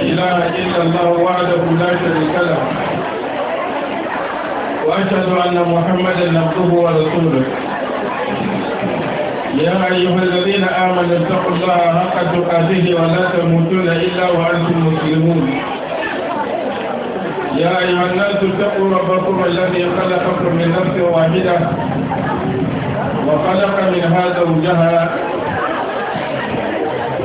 إله إلا الله وحده لا شريك له وأشهد أن محمدا عبده ورسوله يا أيها الذين آمنوا اتقوا الله حق تقاته ولا تموتون إلا وأنتم مسلمون يا أيها الناس اتقوا ربكم الذي خلقكم من نفس واحدة وخلق من هذا زوجها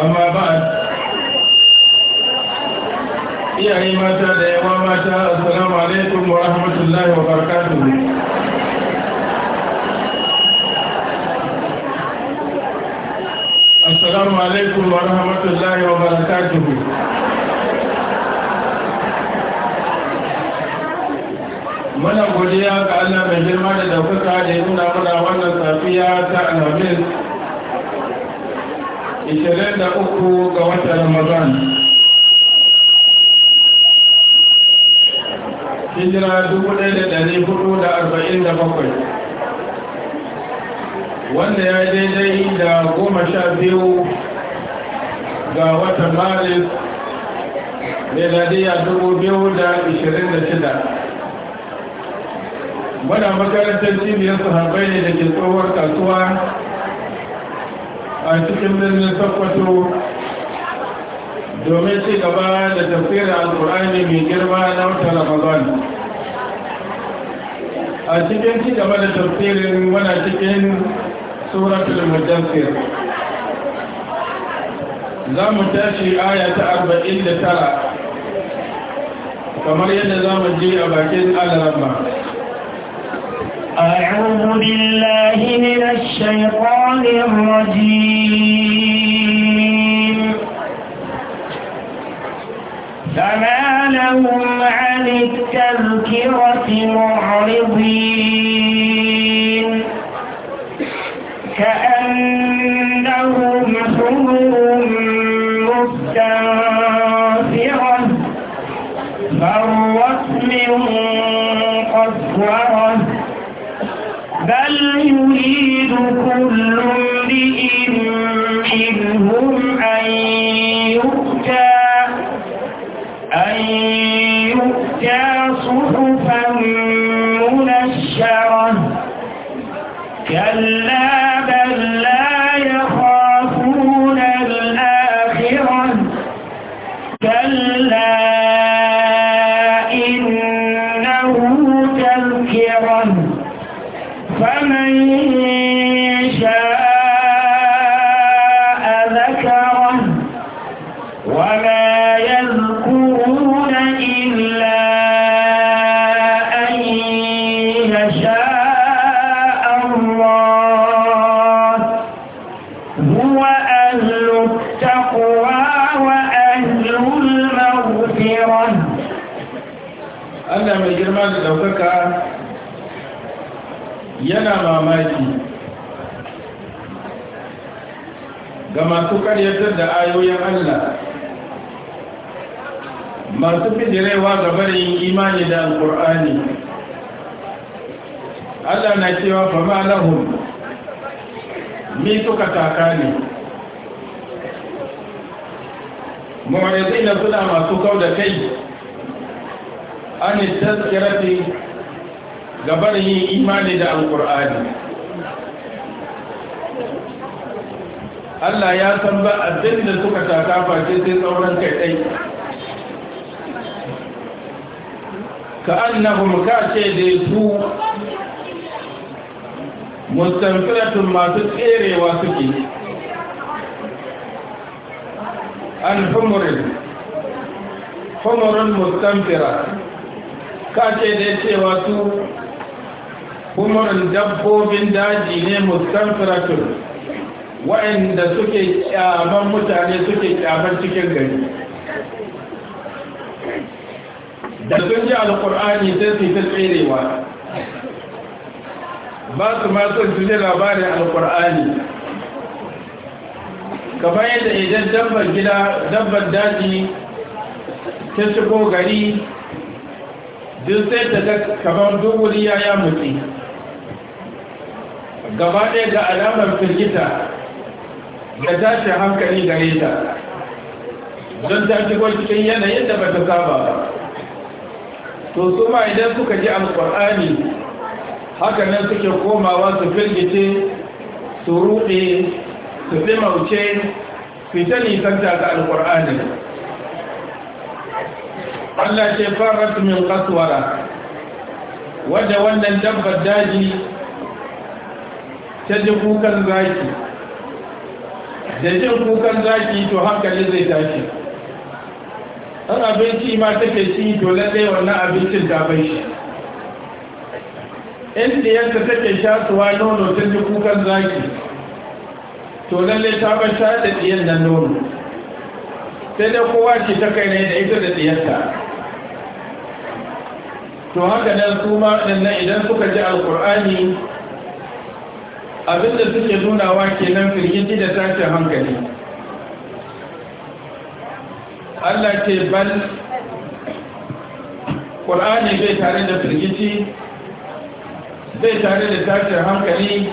amma ba iyaye mata da yawa mata assalamu alaikum wa rahmatullahi wa assalamu alaikum wa rahmatullahi wa muna godiya ga Allah mai girma da daukaka da ya nuna mana wannan safiya ta alhamis ishirin da uku ga watan ramadan hijira dubu ɗaya da ɗari hudu da arba'in da bakwai wanda ya daidai da goma sha biyu ga watan maris meladiya dubu biyu da ishirin da shida muna makarantar cibiyar haɓai ne da ke tsohuwar kasuwa a cikin birnin sokoto domin ci gaba da tafsirin alkur'ani mai girma na wata ramadan a cikin ci gaba da tafsirin wana cikin suratul mujassir za mu tashi aya ta arba'in da tara kamar yadda za mu ji a bakin alarama أعوذ بالله من الشيطان الرجيم فما لهم عن التذكرة معرضين 孤苦的路。mamaki ga masu karyatar da ayoyin Allah masu fijirewa ga barin imani da alkur'ani Allah na cewa ma lahun mi suka taka ne na suna masu kau da kai an yi taskirafi gabar yin imani da alkur'ani Allah ya san ba abin da suka taka face sai tsauran kai ɗai ka annahum ka ce da su mustanfiratun masu tserewa suke an humurin humurin mustanfira ka ce da cewa su kuma dabbobin daji ne mustanfiratun wayanda suke kyaban mutane suke kyaban cikin gari da sun ji alkur'ani sai su ta tserewa ba su masu su ji labarin alkur'ani kamar yadda idan dabbar gida dabbar daji ta shigo gari duk sai ta ga kamar duk wuri ya ya mutu gaba ɗaya ga alamar firgita da tashi hankali gare ta don ta shigo cikin yanayin da ba ta saba ba to su ma idan suka ji alƙur'ani haka nan suke komawa su firgice su ruɗe su fi mauce fita nisanta ga alƙur'ani Allah ce farat min kasuwara. wadda wannan dabbar daji ta ji kukan zaki da jin kukan zaki to hankali zai tashi an abinci ma take ci to lalle wannan abincin ta bai shi inda yanka take suwa nono ta ji kukan zaki to lalle ta ban sha da diyan nan nono sai da kowa ce ta kai ne da ita da ɗiyarta to haka nan su ma idan suka ji alkur'ani abinda suke nunawa kenan firgiti da tashin hankali Allah ce bal ƙul'ani bai tare da firgiti bai tare da tashin hankali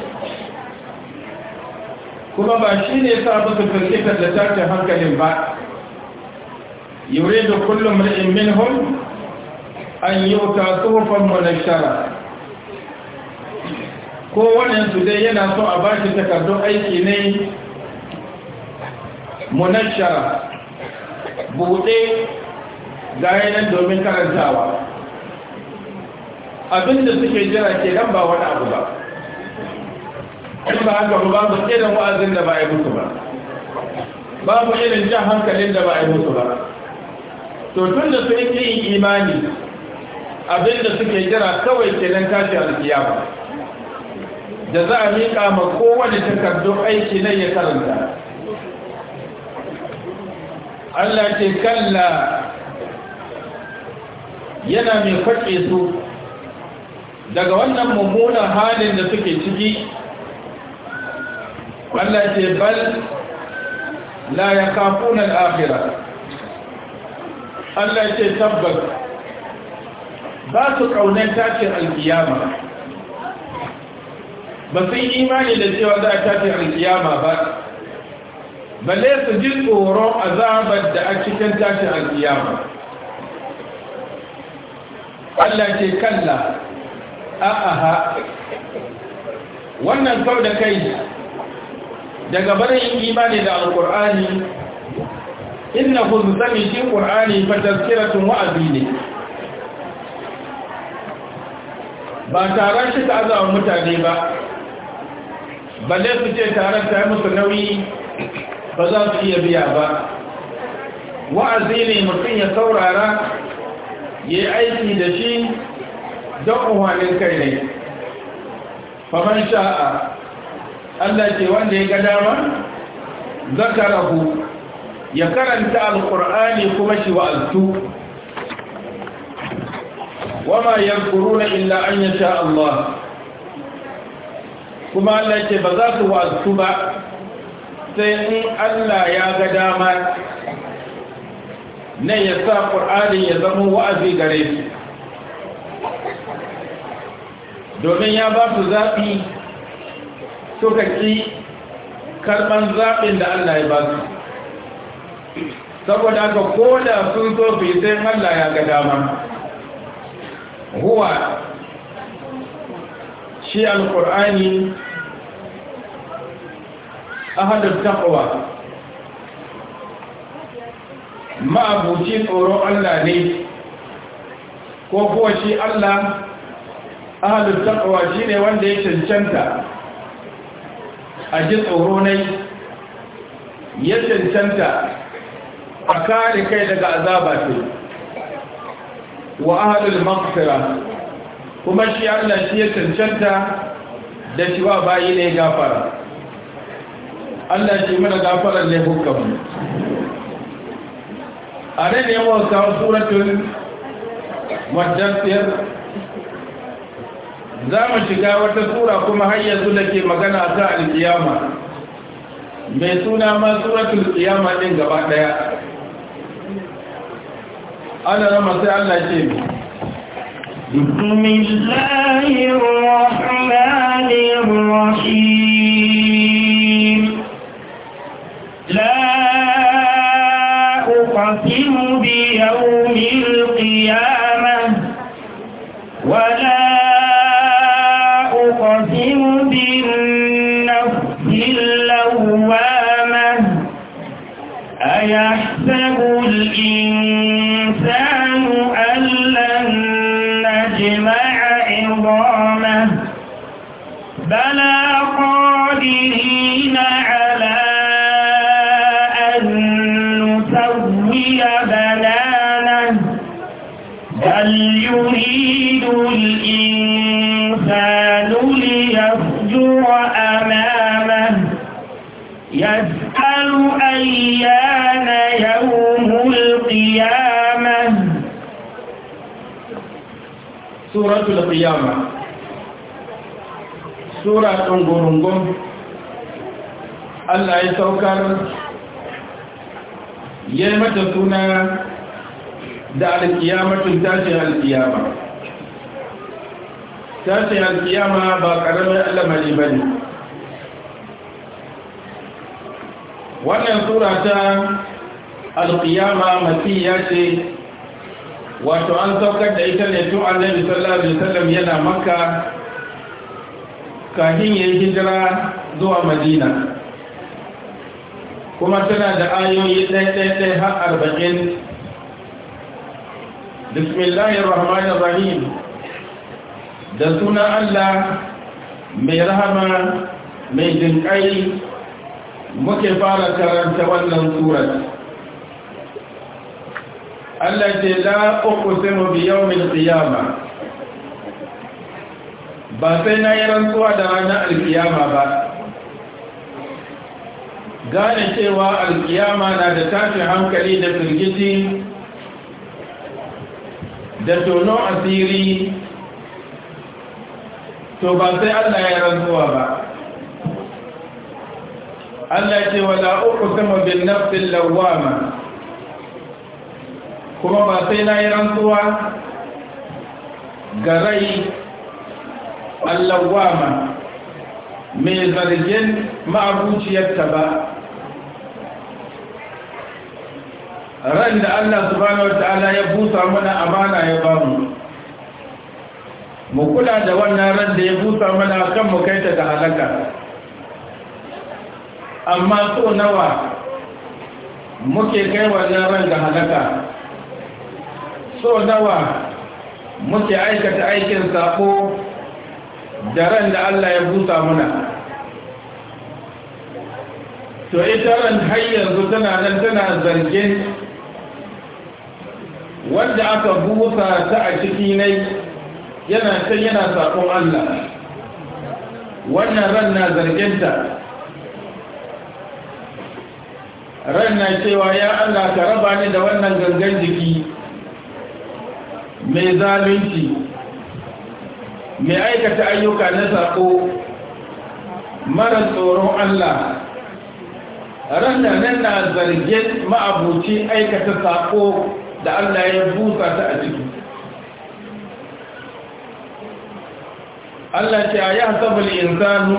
kuma ba shi ne sa musu firgitar da tashin hankalin ba yure da kullum ri'in minhum an yi wuta tsohon munashara ko su dai yana so a bashi takardun aiki ne munashara buɗe yanar domin karantawa abinda suke jira ke dan ba wani abu ba in ba haka ba babu irin wa'azin da ba a mutu ba babu irin jan hankalin da ba a mutu ba to tun da sun yi imani abinda suke jira kawai ke nan tashi alkiyama da za a miƙa ma kowane takardun aiki na ya karanta Allah ce kalla yana mai faƙe su daga wannan mummunan halin da suke ciki Allah ce bal la ya kafunan afira Allah ce tabbas ba su ƙaunar tashin alkiyama ba su yi imani da cewa za a tafi alkiyama ba balle su ji tsoron azabar da a cikin tashin alkiyama Allah ce kalla a'aha wannan kau da kai daga barin imani da alkur'ani inna huzu sami shi ƙur'ani fa tazkiratun wa'azi ne ba tare shi ta azawa mutane ba balle su ce taron ta yi musu nauyi ba za su iya biya ba wa'azi ne mutum ya saurara ya yi aiki da shi don umarnin kai ne faman sha'a allah ce wanda ya ga dama zakarahu ya karanta alkur'ani kuma shi wa'aztu wama yankuru na illa an yasha Allah kuma Allah ce ba za su wasu ba sai in Allah ya ga dama ne ya sa ƙur'ani ya zama wa'azi gare su domin ya ba su zaɓi suka ƙi karɓar zaɓin da Allah ya ba su saboda aka koda sun so sai Allah ya ga dama huwa shi alƙur'ani ahadar taqwa ma'abuci tsoron Allah ne ko kuwa shi Allah ahadar taqwa ne wanda ya cancanta a ji tsoro ya cancanta a kare kai daga azabatu wa ahadul maghfira kuma shi Allah shi ya cancanta da cewa bayi ne gafara Allah shi mana gafarar laifukan mu a nan ne mawa kawo suratun majalciyar za mu shiga wata sura kuma har yanzu da ke magana a ta alkiyama mai suna ma suratun kiyama ɗin gaba ɗaya ana rama sai Allah ce بسم الله الرحمن الرحيم لا أقسم بيوم القيامة ولا suratul qiyama sura ɗin gurungun Allah ya saukar ya yi mata suna da alkiyamatin tashin alkiyama tashin alkiyama ba ƙaramin alamari ba ne wannan sura ta alkiyama mafi ya ce wato an saukar da ita ne tun annabi sallallahu alaihi wasallam yana makka kafin yi hijira zuwa madina kuma tana da ayoyi ɗaya ɗaya ɗaya har arba'in bismillahir rahim da sunan allah mai rahama mai jinƙai muke fara karanta wannan surat Allah ce la uqsimu bi yawmil qiyama ba sai na yi rantsuwa da ranar alkiyama ba gane cewa alkiyama na da tashin hankali da firgici da tono asiri to ba sai Allah ya rantsuwa ba Allah ce wala uqsimu bin nafsil lawwama kuma ba sai na yi rantsuwa ga rai allawama mai zargin ma'abuciyarta ba ran da allah subhanahu wata'ala ya busa mana amana ya bamu mu kula da wannan ran da ya busa mana kan mu kai ta ga halaka amma so nawa muke kai wannan ran da halaka so nawa muke aikata aikin sako da ran da Allah ya busa muna to ita ran har yanzu tana nan tana zargin wanda aka buta ta a ciki ne yana can yana sakon Allah wannan ran na zarginta ran na cewa ya Allah ka raba ni da wannan gangan jiki mai zalunci mai aikata ayyuka na sako mara tsoron Allah randa nan na zargin ma'abuci aikata sako da Allah ya busa ta a ciki Allah ce a yi hasabul insanu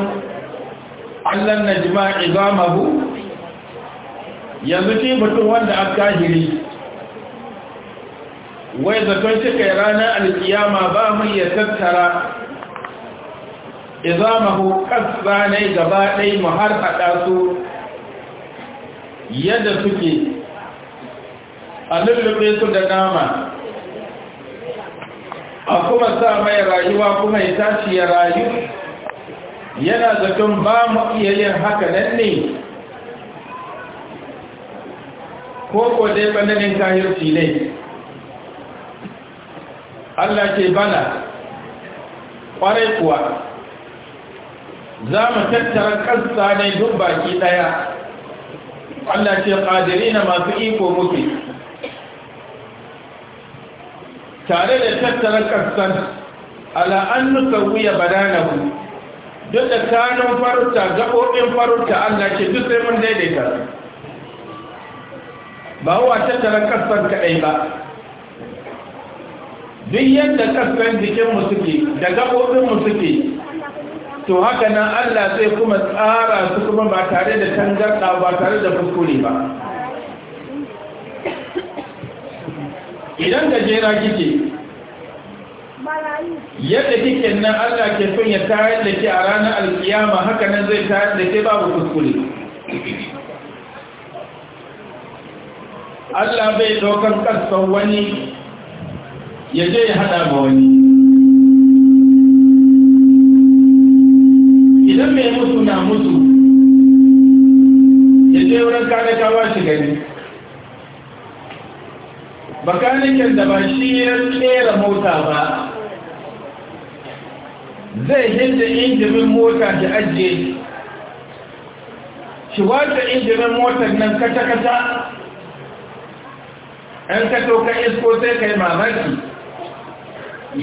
Allah na jima'i yanzu ke mutum wanda an kahiri wai zaton shi ranar alkiyama ba mun ya tattara izamahu ƙasa ne gaba ɗai mu har haɗa su yadda suke a lullube su da nama a kuma sa mai rayuwa kuma ya tashi ya rayu yana zaton ba mu iya yin haka nan ne ko ko dai ɓananin yi ne Allah ke bana kwarai kuwa za mu tattara ƙasa ne duk baki ɗaya Allah ce ƙadiri na masu iko muke tare da tattara ƙasan wuya banana ku duk da kanun farauta gaɓoɓin farauta Allah ce duk sai mun daidaita ba wa tattara ƙasan kaɗai ba duk yadda kasan jikinmu suke da gaɓoɓinmu suke to haka nan Allah zai kuma tsara su kuma ba tare da tangarɗa ba tare da kuskure ba idan gajera kike yadda kike nan Allah ke son ya tayar da ke a ranar alkiyama haka nan zai tayar da ke babu kuskure Allah bai ɗaukar ƙasar wani ya je ya hada ma wani idan mai musu na musu ya je wurin ba shi gani bakanikin da ba shi ya tsera mota ba zai hinda injimin mota da ajiye shi wata injimin motar nan kata-kata ‘yan kato ka isko sai kai mamaki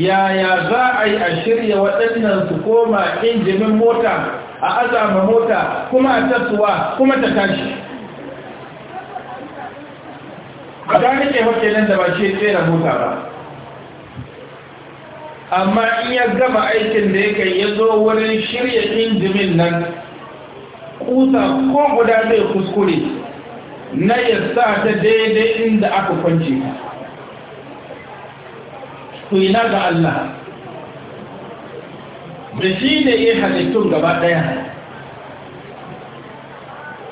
yaya za a yi a shirya waɗannan su koma injimin mota a azama mota kuma a tattuwa kuma ta tashi a gani ke wake nan da ba shi tsera mota ba amma in ya gama aikin da yake ya zo wurin shirya injimin nan kusa ko guda zai kuskure na ya sa ta daidai inda aka kwance. to ina ga Allah da shi ne yi halittun gaba ɗaya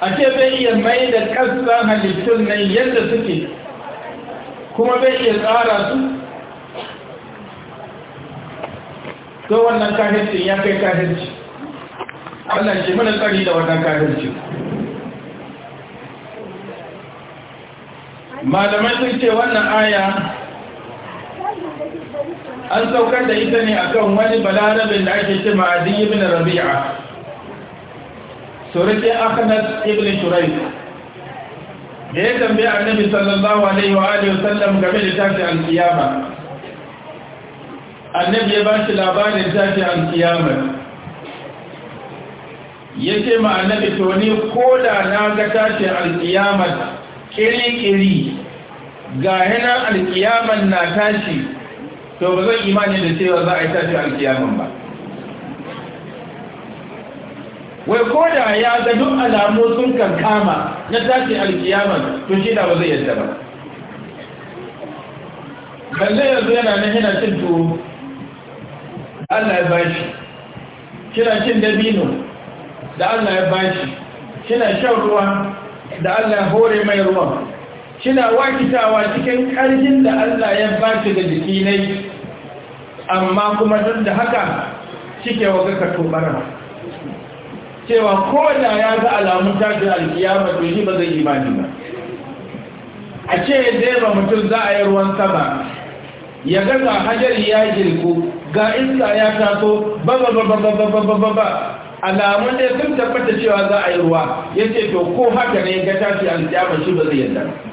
a ce bai iya mai da ƙasar halittun nan yadda suke kuma bai iya tsara su to wannan kahircin ya kai kahirci Allah shi mana tsari da wannan kahirci malamai sun ce wannan aya an saukar da ita ne akan wani balarabin da ake ce ma'adi ibn rabi'a surake ahmad ibn shuraik da ya tambaye annabi sallallahu alaihi wa alihi wasallam game da tashi alkiyama annabi ya bashi labarin tashi alkiyama ya ce ma annabi to ni ko da na ga tashi alkiyama kiri-kiri ga yana alkiyaman na tashi to ba zan imani da cewa za a yi tashi alkiyaman ba wai ko da ya ga duk alamu sun kan kama na tashi alkiyaman to shi da ba zai yadda ba balle yanzu yana nan yana cin tuwo Allah ya bashi kina cin dabino da Allah ya bashi kina shan ruwa da Allah ya hore mai ruwan kina wakitawa cikin ƙarfin da Allah ya ba da jiki ne amma kuma duk da haka cike wa ga katobara cewa ko da ya ga alamun tashin alkiyama to shi ba zai imani ba a ce dai ba mutum za a yi ruwan sama ya ga ga ya jirku ga iska ya taso ba ba ba ba ba ba ba ba ba alamun ne sun tabbata cewa za a yi ruwa ya ce to ko haka ne ga tashi alkiyama shi ba zai yadda ba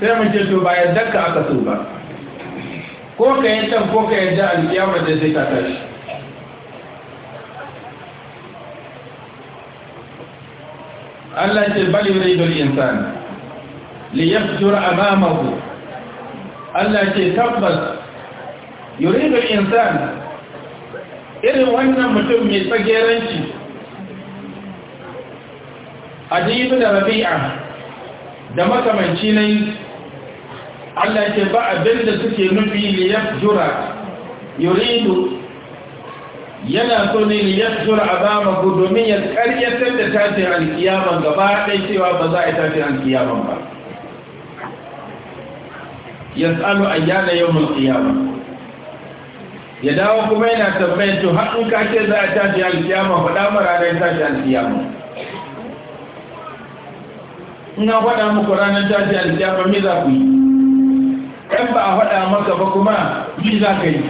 sai mu ce to ba yadda ka aka so ba ko ka yi can ko ka yadda alkiyama da zai kata shi. Allah ce bali wani idol insani liyar tura a mamaku Allah ce tabbas yuri idol insani irin wannan mutum mai tsageranci adibu da rabi'a da makamanci ne Allah ke ba abin da suke nufi ya jura yuridu yana so ne ya jura a ba magu domin ya karyatar da tashin alkiyaman gaba ɗai cewa ba za a yi tashin alkiyaman ba ya tsalo a yana yau mulkiyaman ya dawo kuma yana tabbayin to haɗin kake za a tashin alkiyaman faɗa mara ranar tashin alkiyaman ina faɗa muku ranar tashi ba me za ku yi ɗan ba a faɗa maka ba kuma me za ka yi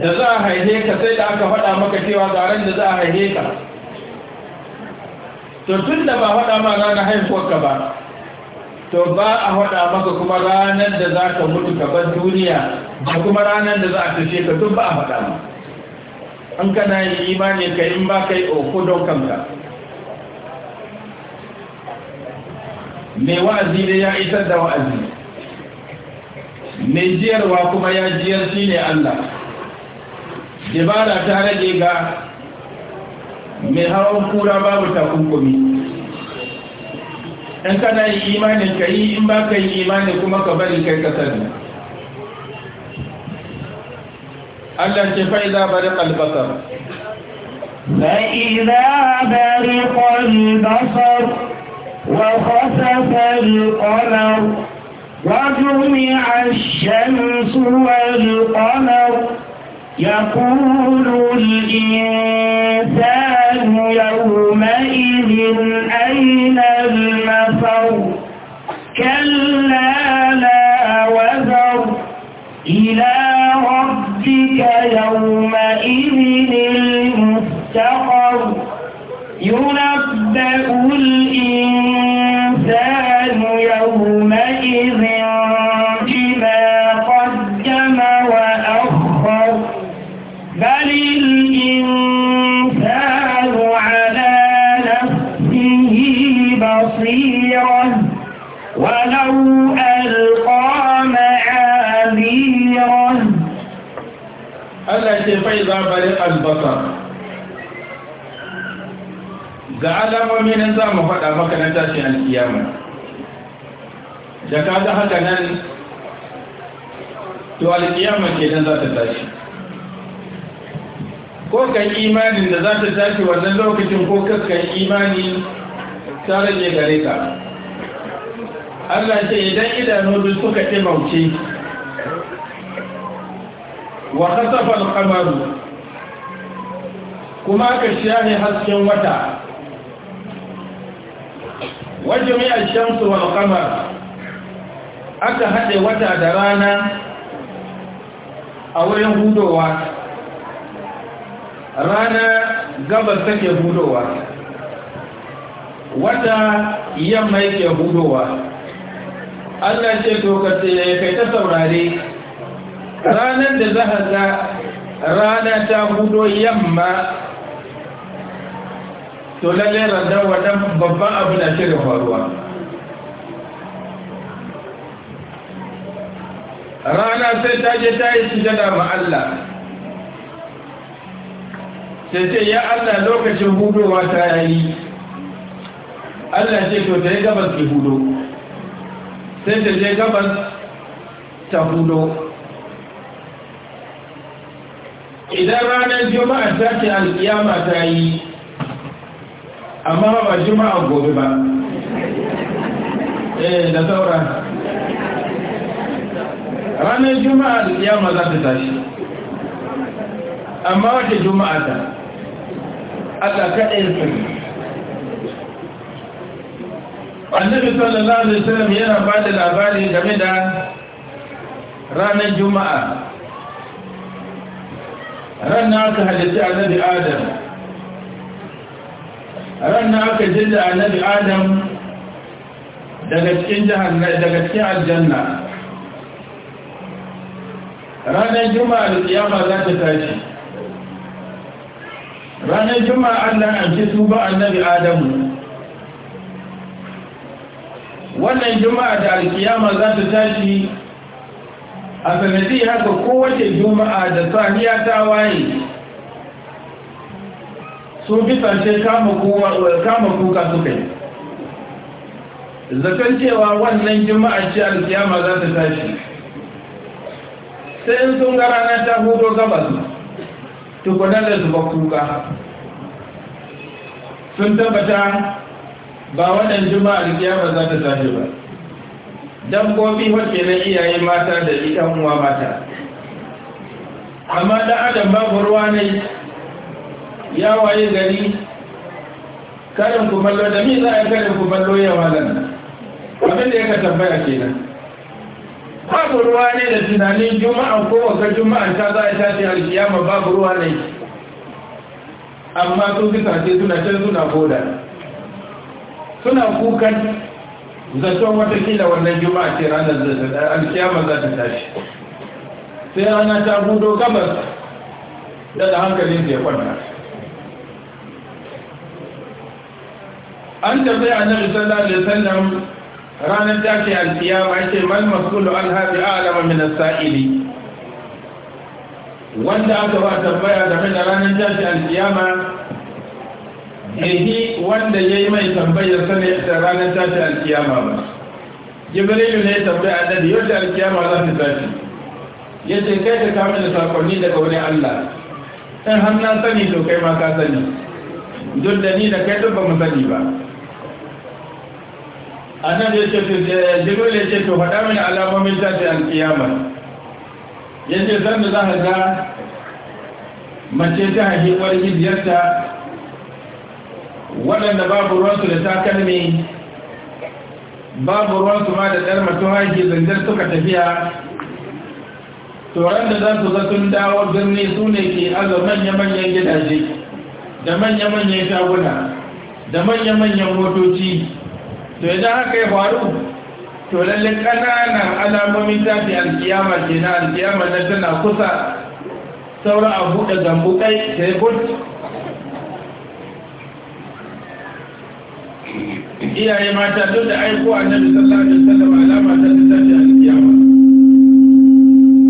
da za a haihe ka sai da aka faɗa maka cewa zaren da za a haihe ka to tun da ba faɗa ma ranar haifuwarka ba to ba a faɗa maka kuma ranar da za ka mutu ka ban duniya da kuma ranar da za a tashe ka tun ba a faɗa ma an kana yi imani ka in ba ka yi oku oh, don kanka mai wa'azi ne ya isar da wa'azi mai jiyarwa kuma ya jiyar shi ne Allah dabara ta rage ga mai hawan kura babu takunkumi in kana yi imanin ka yi in ba ka yi imanin kuma ka bari kai kasar ne Allah ce fa'iza bari kalbasar fa'iza bari kalbasar وخسف القمر وجمع الشمس والقمر يقول الإنسان يومئذ أين المفر كلا لا وزر إلى ربك يومئذ المستقر ينبأ الإنسان Allah ce fai za albasa ga alamomin nan za mu faɗa maka na tashin alkiyama da ka ta haka nan to alkiyama ke nan za ta tashi ko kan imanin da za ta tashi wannan lokacin ko kaskan imani tare rage gare ka Allah ce idan idanu duk suka ɗimauce wa kasafal kamaru kuma ka shahi hasken wata wajen yi ashamsu wal aka hade wata da rana a wurin hudowa rana gabas take hudowa wata yamma yake hudowa Allah ce to ka kai ta saurare ranar da za ga rana ta hudo yamma to lalle radar wadan babban abu na shirin faruwa rana sai ta je ta yi sujada ma Allah sai ce ya Allah lokacin hudowa ta yayi Allah ce to ta yi gabas ki hudo sai ta je gabas ta hudo idan ranar juma'a ta ce alkiyama ta yi amma ba juma'a gobe ba eh da saura ranar juma'a alkiyama za ta tashi amma wata juma'a ta Allah kaɗai sani annabi sallallahu alaihi wasallam yana ba da labari game da ranar juma'a ranar aka halitta annabi adam ranar aka jinda annabi adam daga cikin daga cikin aljanna ranar juma'a da kiyama za ta tashi ranar juma'a Allah an ci tuba annabi adamu wannan juma'a da alkiyama za ta tashi a sanadi haka kowace juma'a da saniya ta waye sun fi sanshe kama kuka suka yi zakan cewa wannan juma'a ce alkiyama za ta tashi sai in sun ga rana ta hudu gabas tukunan da zuba kuka sun tabbata ba wannan juma'ar kiyama za ta tashi ba dan kofi wacce na iyaye mata da ɗan uwa mata amma da adam babu ruwa ne ya waye gari karin kumallo da mi za a karin kumallo ya walan abin da yaka tambaya kenan babu ruwa ne da tunanin juma'an ko wata juma'a ta za a tashi alkiyama babu ruwa ne amma tun fi ce suna can suna koda suna kukan zaton watakila wannan juma'a ce ranar alkiyama za ta tashi sai rana ta hudo gabas daga hankalin da ya kwanta an tafi a nan sallallahu alaihi wasallam ranar tashi alkiyama ce mal masulu an haɗi alama min sa'ili wanda aka ba tambaya game da ranar tashi alkiyama Ehi wanda ya yi mai tambayar sani da ranar tashi alkiyama ba jibrilu ne tambaya annabi yau da alkiyama za ta tashi ya ce kai ta kama da sakonni daga wani allah in har na sani to kai ma ka sani duk da ni da kai duk ba mu sani ba nan ya ce to jibrilu ya ce to faɗa mini alamomin tashi alkiyama ya ce sanda za ka ga mace ta haifi gidiyarta waɗanda babu ruwansu da takalmi babu ruwansu ma da ɗar matuhaji zanjar suka tafiya turan da za su sun dawo birni su ne ke aza manya-manyan gidaje da manya-manyan shaguna da manya-manyan motoci to idan haka ya faru to lalle ƙananan alamomin tafi alkiyama ke na alkiyama na tana kusa sauran abu da Gambo kai ta yi iyaye mata duk da aiko annabi sallallahu alaihi wasallam alama ta tafi alkiyama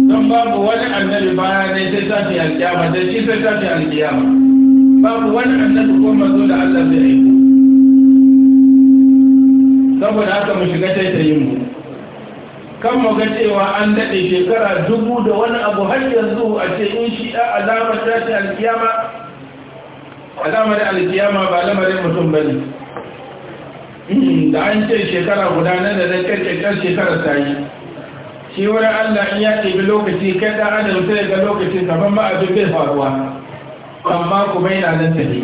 don babu wani annabi baya ne sai tafi alkiyama da shi sai tafi alkiyama babu wani annabi ko mazo da Allah zai aiko saboda haka mu shiga yi mu kan mu ga cewa an daɗe shekara dubu da wani abu har yanzu a ce in shi a alamar tashi alkiyama alamar alkiyama ba lamarin mutum bane da an ce shekara guda nan da na kyakkyakar shekarar ta yi shi wurin allah in ya ɗebi lokaci kai ɗan adam sai ga lokaci kamar ma abin bai faruwa amma kuma yana nan ta tafi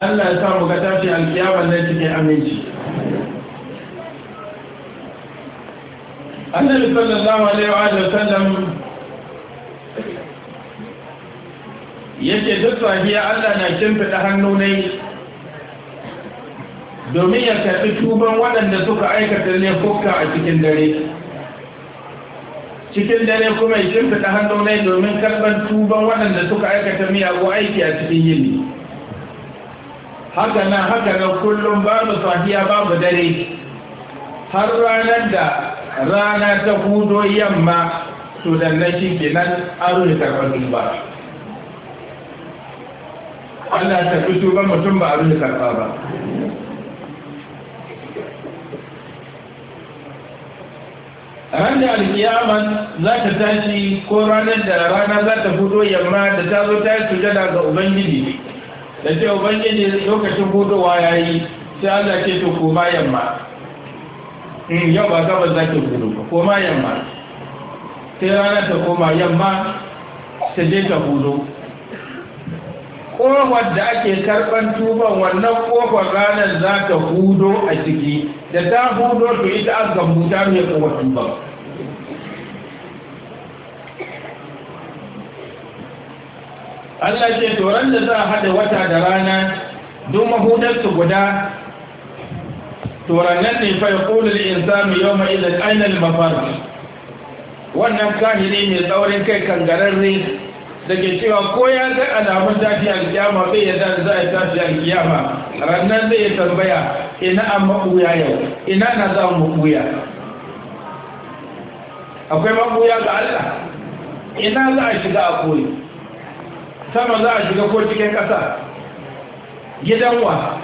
allah ya samu ga tashi alkiyamar nan cikin aminci annabi sallallahu alaihi wa sallam yake duk safiya allah na kimfida hannu ne domin ya tafi tuban waɗanda suka aikata laifuka a cikin dare cikin dare kuma ya hannu ne domin karɓar tuban waɗanda suka aikata miyagun aiki a cikin yini haka nan haka nan kullum babu safiya babu dare har ranar da rana ta hudu yamma to da na shi ke nan an karɓar tuba Allah ta fi tuban mutum ba a rufe karɓa ba ranar alkiyama za ta tashi ko ranar da rana za ta fito yamma da ta zo ta yi sujada ga ubangiji da ce ubangiji lokacin fitowa ya yi sai za ce to koma yamma hmm, yau ba gaba za ta fito ba koma yamma sai rana ta koma yamma ta je ta fito ƙofar da ake karɓar tuban wannan kofar ranar za ta hudo a ciki da ta hudo to ita an gambu ta mai ƙofar tuban Allah ce toron da za a haɗa wata da rana duk mahudarsu guda turannan ne fa ya ƙulul insanu yau mai ilil ainihin mafar wannan kahiri mai tsaurin kai kangararre da ke cewa ko ya ga alamun a kiyama bai yadda da za a a kiyama rannan zai tambaya ina an maɓuya yau ina na za mu maɓuya akwai maɓuya ga Allah ina za a shiga a koyi sama za a shiga ko cikin ƙasa gidan wa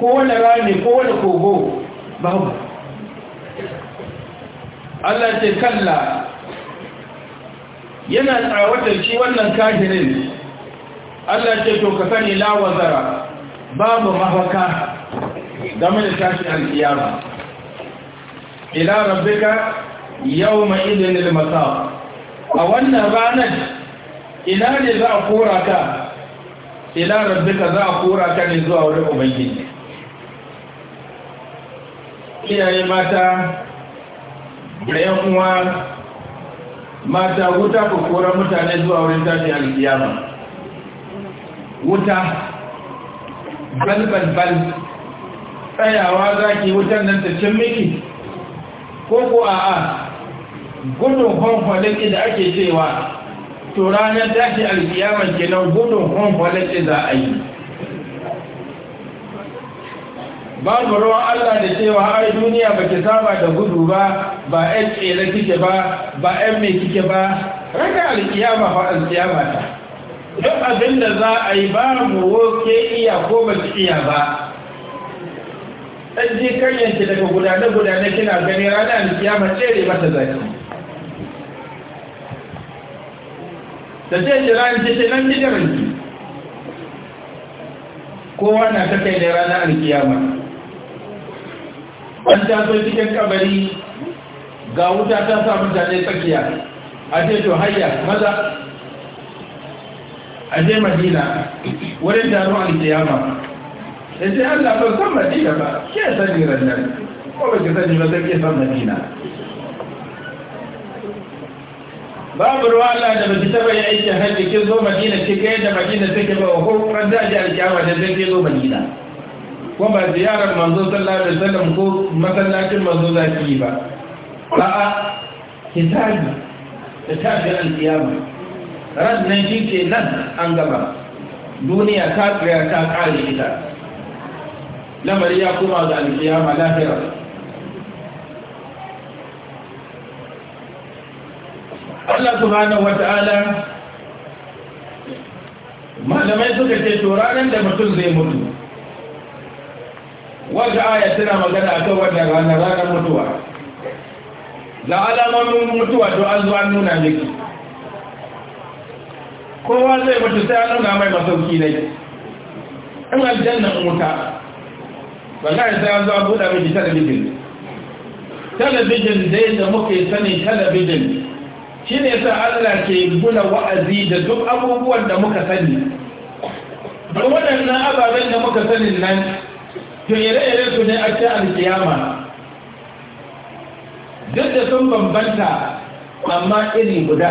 ko wani rami ko wani kogo babu Allah ce kalla yana tsawatar shi wannan kafirin Allah ce to ka sani la wazara babu mafaka game da tashi alkiyama ila rabbika yawma idin al a wannan ranar ina ne za a kora ka ila rabbika za a kora ka ne zuwa wurin ubangiji iyaye mata da yan uwa mata wuta ku kora mutane zuwa wurin tashi alkiyama wuta balbalbal tsayawa za ki wutan nan ta cin miki ko ko a'a gudun honfalaki da ake cewa to ranar tashi alkiyama kenan gudun honfalaki za a yi babu ruwan Allah da cewa ai duniya ba ki saba da gudu ba ba ƴan tsere kike ba ba ƴan mai kike ba raka alkiyama fa alkiyama ta duk abin da za a yi ba mu woke iya ko ba ki iya ba ɗan je karyanki daga gudane-gudane kina gani rana alkiyama tsere mata zaki da ce jira ce ce nan gidan kowa na ta kai da ranar alkiyama an taso cikin kabari ga wuta ta sa mutane tsakiya a ce to hayya maza a je madina wurin taron alkiyama da ce allah ban san madina ba ke sani ranar ko ba ki sani ba sai ke san madina babu ruwa allah da ba ki taba yi aiki hajji kin zo madina ce ga yadda madina take ba wa ko ran da ji alkiyama da zai ke zo madina ko ba ziyarar manzo sallallahu alaihi wasallam ko masallacin manzo za ki yi ba a'a kitabi kitabi al-qiyama ran nan shi ke nan an gaba duniya ta tsaya ta kare ita lamari ya kuma da al-qiyama lafiya Allah subhanahu wata'ala malamai suka ce to ranar da mutum zai mutu wata aya tana magana a kan wannan ranar ranar mutuwa da alamomin mutuwa to an zo an nuna miki kowa zai mutu sai an nuna mai masauki dai in ba za a sai an zuwa an buɗa miki talabijin talabijin dai da muke sani talabijin shi ne sa Allah ke gula wa'azi da duk abubuwan da muka sani don waɗannan ababen da muka sani nan tunyere-yere su ne a ta alkiyama duk da sun bambanta amma iri guda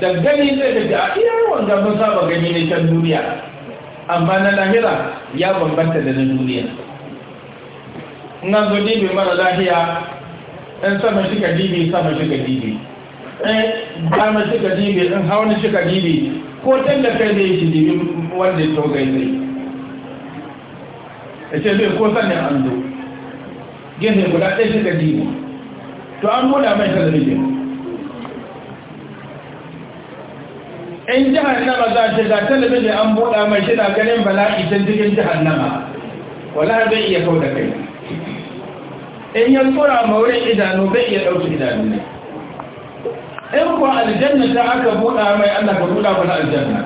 da gani zai da a iya wanda mun saba gani ne can duniya amma na lahira ya bambanta da na duniya na zo dibi mara lahiya in sama shi dibi sama shi dibi ɗan dama shi dibi ɗan hauni shi dibi ko kai zai shi dibi wanda ya togai zai ce zai ko sannan an zo gini guda ɗaya shi ga dimu to an buɗa mai talabijin in jihar nama za ce ga talabijin an buɗa mai shi na ganin bala'i ta cikin jihar nama wala zai iya kau da kai in ya tsura maurin idanu zai iya ɗauki idanu ne in kuwa aljanna ta aka buɗa mai allah ka buɗa wani aljanna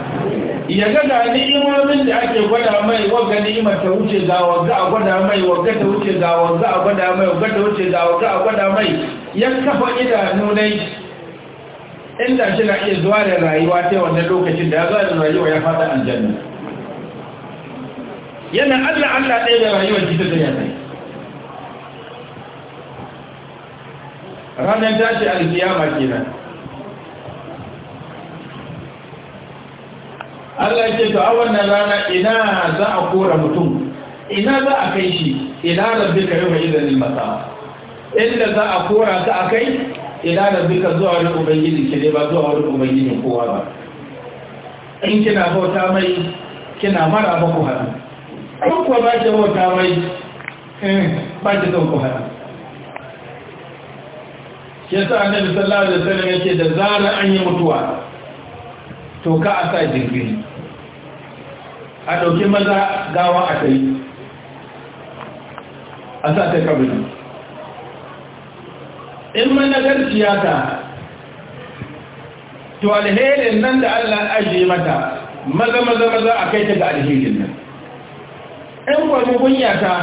ya ga ga ni'imomin da ake gwada mai wagga ni'imar ta wuce ga wagga a gwada mai wagga ta wuce ga wagga a gwada mai wagga ta wuce ga wagga a gwada mai ya kafa idanu nunai. inda shi na iya zuwa da rayuwa ta wannan lokacin da ya zuwa da rayuwa ya fada aljanna yana Allah Allah ɗaya da rayuwar jita da yana ranar tashi alkiyama kenan Allah ce to a wannan rana ina za a kora mutum ina za a kai shi ina rabbi ka yi wa idhanil masa inda za a kora ka a kai ina rabbi ka zuwa wani ubangiji ke ne ba zuwa wani ubangiji kowa ba in kina bauta mai kina mara ba ku hadu kun kuwa ba ki bauta mai eh, ba ki zan ku hadu ke sa annabi sallallahu alaihi wasallam yake da zara an yi mutuwa to ka a sa jirgin a ɗauki maza gawa a kai a sa ta kabari in managar siyasa to alherin nan da allah ajiye mata maza maza maza a kai ta ga alherin nan in kwanu kunyata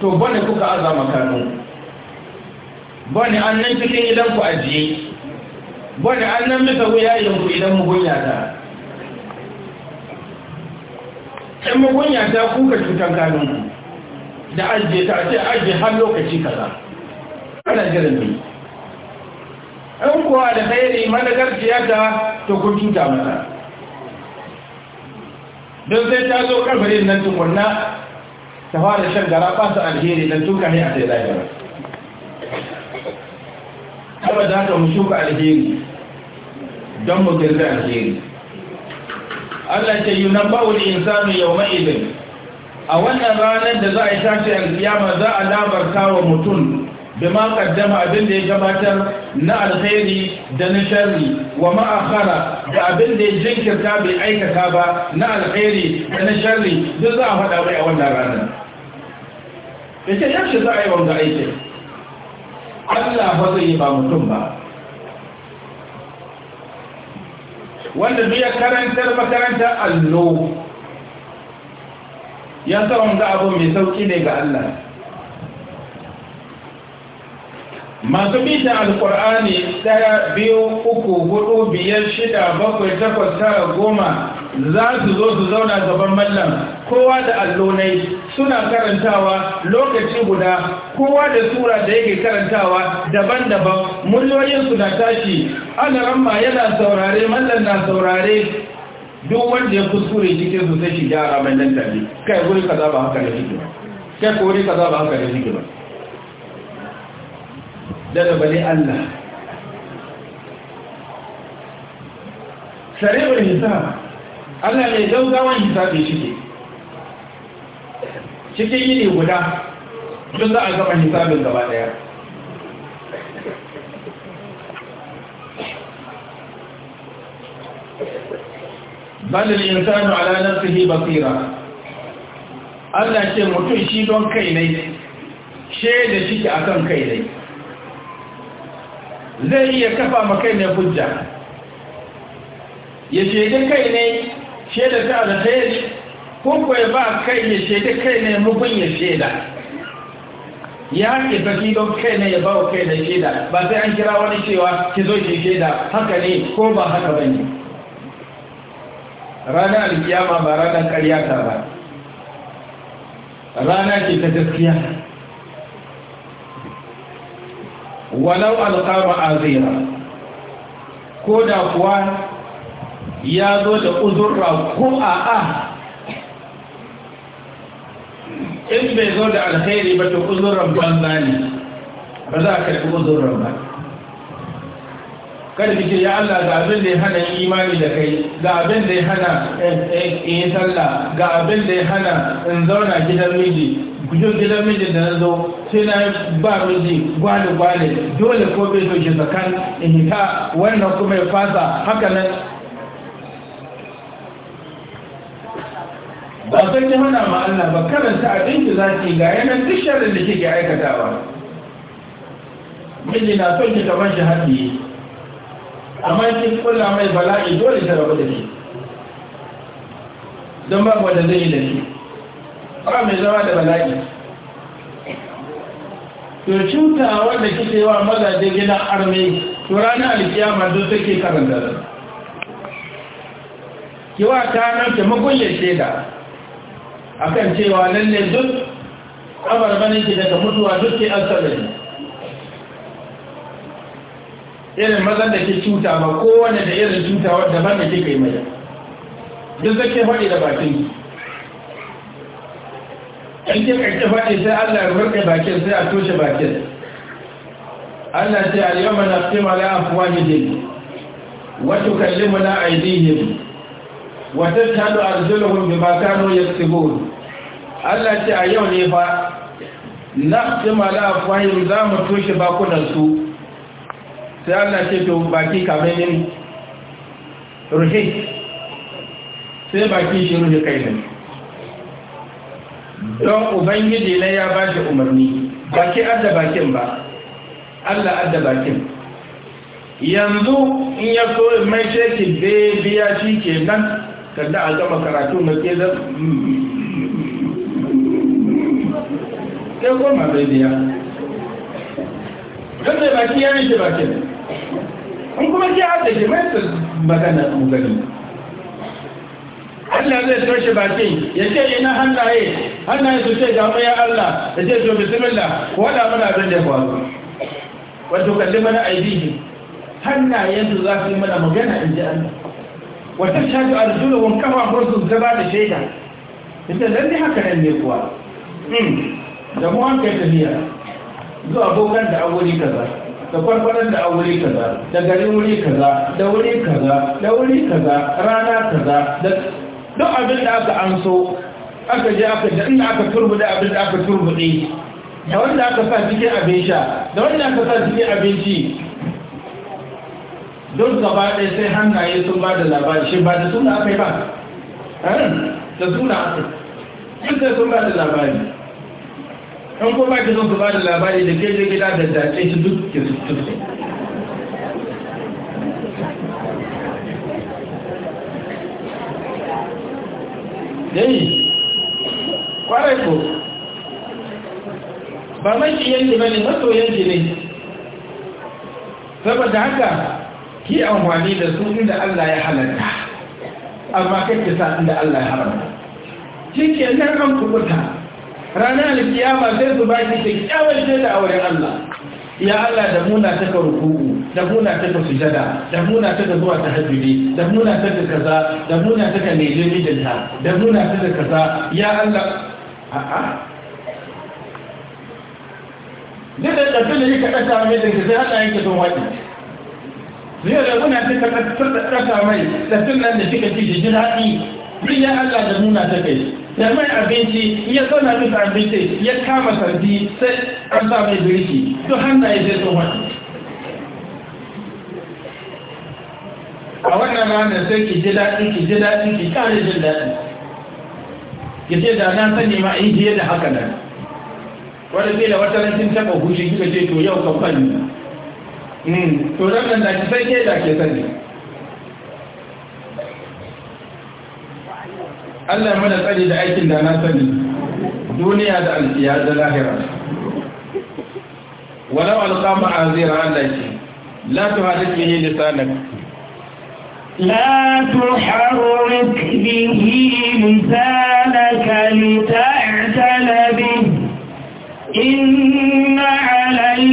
to bane kuka azama kano. bane an nan cikin idan ku ajiye bane an nan mita wuyayen ku idan mu kunyata ɗan makonya ta kuka cutar ku da ajiye ta ce ajiye har lokaci kaza ana jiran ne ɗan kuwa da khairi madagar tiyata to kun cuta mata don sai ta zo karfare nan tukunna ta fara shan gara ba su alheri don tuka ne a sai lafiya saboda ta mu shuka alheri don mu girbi alheri Allah ce yunabba'ul insanu yau idin a wannan ranar da za a yi tashi alkiyama za a labarta wa mutum da ma kaddama abin da ya gabatar na alkhairi da na sharri wa ma'akara da abin da ya jinkirta bai aikata ba na alkhairi da na sharri duk za a faɗa mai a wannan ranar da ke za a yi wanda aiki? Allah ba zai yi ba mutum ba wanda zai karantar makaranta allo ya tsawon ga abu mai sauki ne ga Allah masu bitan alkur'ani daya biyu uku hudu biyar shida bakwai takwas tara goma za su zo su zauna gaban mallam kowa da allonai suna karantawa lokaci guda kowa da sura da yake karantawa daban-daban muryoyinsu na tashi alaramma yana saurare mallan na saurare duk wanda ya kuskure cikin su sai shi gyara mai nan tabi kai wuri kaza ba haka da jiki ba kai ko wuri kaza ba haka da jiki ba da da bale Allah sari'ul hisab Allah mai gaugawan hisabi shi cikin yini guda duk za a gama hisabin gaba daya bal al-insanu ala nafsihi basira Allah ce mutum shi don kai ne shaida shi akan kai ne zai iya kafa ma kai ne hujja ya shaida kai ne shaida ta da tayi ko kuwa ba kai ya shaida kai ne mugun ya shaida ya ke baki don kai ne ya ba wa kai da shaida ba sai an kira wani cewa ki zo ki shaida haka ne ko ba haka ba ne rana alkiyama ba rana ƙarya ba rana ce ta gaskiya walau alƙama azira ko da kuwa ya zo da uzurra ko a'a in bai zo da alkhairi ba to uzuran banza ne ba za a karɓi uzuran ba kada ke ya Allah ga abin da ya hana imani da kai ga abin da ya hana in sallah ga abin da ya hana in zauna gidan miji gidan miji da na zo sai na ba miji gwale-gwale dole ko bai so zakan in hita wannan kuma ya fasa haka nan ba sai ki hana ma Allah ba karanta abin ki za ki ga yanar duk sharrin da kike aikatawa miji na son ki kamar shi haƙi amma ki kula mai bala'i dole ta rabu da shi don ba wanda zai yi da shi ba mai zama da bala'i to cuta wanda kike wa mazaje gidan arme to ranar alkiyama don take karanta ki wa ta nan ki makulle shaida akan cewa lalle duk kabarbanin ki daga mutuwa duk ki an sarari irin mazan da ke cuta ba kowane da irin wanda ban da kika yi mai duk zake faɗi da bakin in kin ƙarƙi faɗi sai allah ya rurke bakin sai a toshe bakin allah ce a yau mana fi mala afuwa ne wata kalli mala aidihim wa ba arjuluhum bima kanu yaktubun Allah ce a yau ne fa naqtima la fahim za mu toshe bakunan su sai Allah ce to baki kamar yin ruhi sai baki shi ruhi kai ne don ubangiji na ya ba shi umarni baki adda bakin ba allah adda bakin yanzu in ya so mai sheki biya shi ke nan kan a gama karatu na ke da ke goma bai biya don mai baki ya rike bakin an kuma ke hada shi mai su magana mu gani Allah zai toshe bakin ya ce ina hannaye hannaye su ce ga ya Allah ya ce to bismillah ko da mana abin da ya faru wato kalli mana aibihi hannayen su za su yi mana magana in ji Allah wata shaɗu a kafa rusu gaba da shaida ita lalle haka nan ne kuwa hmm. da mu an kai tafiya zuwa abokan da aure kaza da kwarkwaran da aure kaza da garin wuri kaza da wuri kaza da wuri kaza rana kaza da duk abin da aka amso aka je aka da inda aka turbude abin da aka turbude da wanda aka sa cikin abin sha da wanda aka sa cikin abinci don gaba ɗaya sai hannaye sun ba da labari shi ba da suna aka yi ba eh? da suna aka yi sai sun ba da labari ɗan ko ba ki su ba da labari da ke je gida da dace shi duk ke su tutu yayi kwarai ko ba mai ne ba ne masoyan ne saboda haka ki amfani da su inda Allah ya halatta amma kai kake sa inda Allah ya haramta shi ke nan an kubuta ranar alkiyama sai su ba ki kyakkyawar shaida a wurin Allah ya Allah da muna taka rukuku da muna taka sujada da muna taka zuwa ta tahajjudi da muna taka kaza da muna taka neje mijinta da muna taka kaza ya Allah a'a duk da tafi da yake kasa mai da ke sai hada yake don wadi zai da kuna ta karɓar da ɗaga mai da sunan da kika ci da ji daɗi duk ya Allah da nuna ta kai da mai abinci in ya zauna duka abinci ya kama sardi sai an sa mai birki to hannaye zai tsohon a wannan ranar sai ki ji daɗi ki ji daɗi ki kare jin daɗi ki ce da na sani ma in ji da haka nan wani zai da wata rashin taɓa hushi kika ce to yau kan to ranar da ki sai ke da ke sani Allah mana tsari da aikin da na sani duniya da alfiya da lahira walau alƙama a zira Allah ce la tu hadith bihi lisanak la tuharrik bihi lisanaka lita'tala bihi inna 'alayka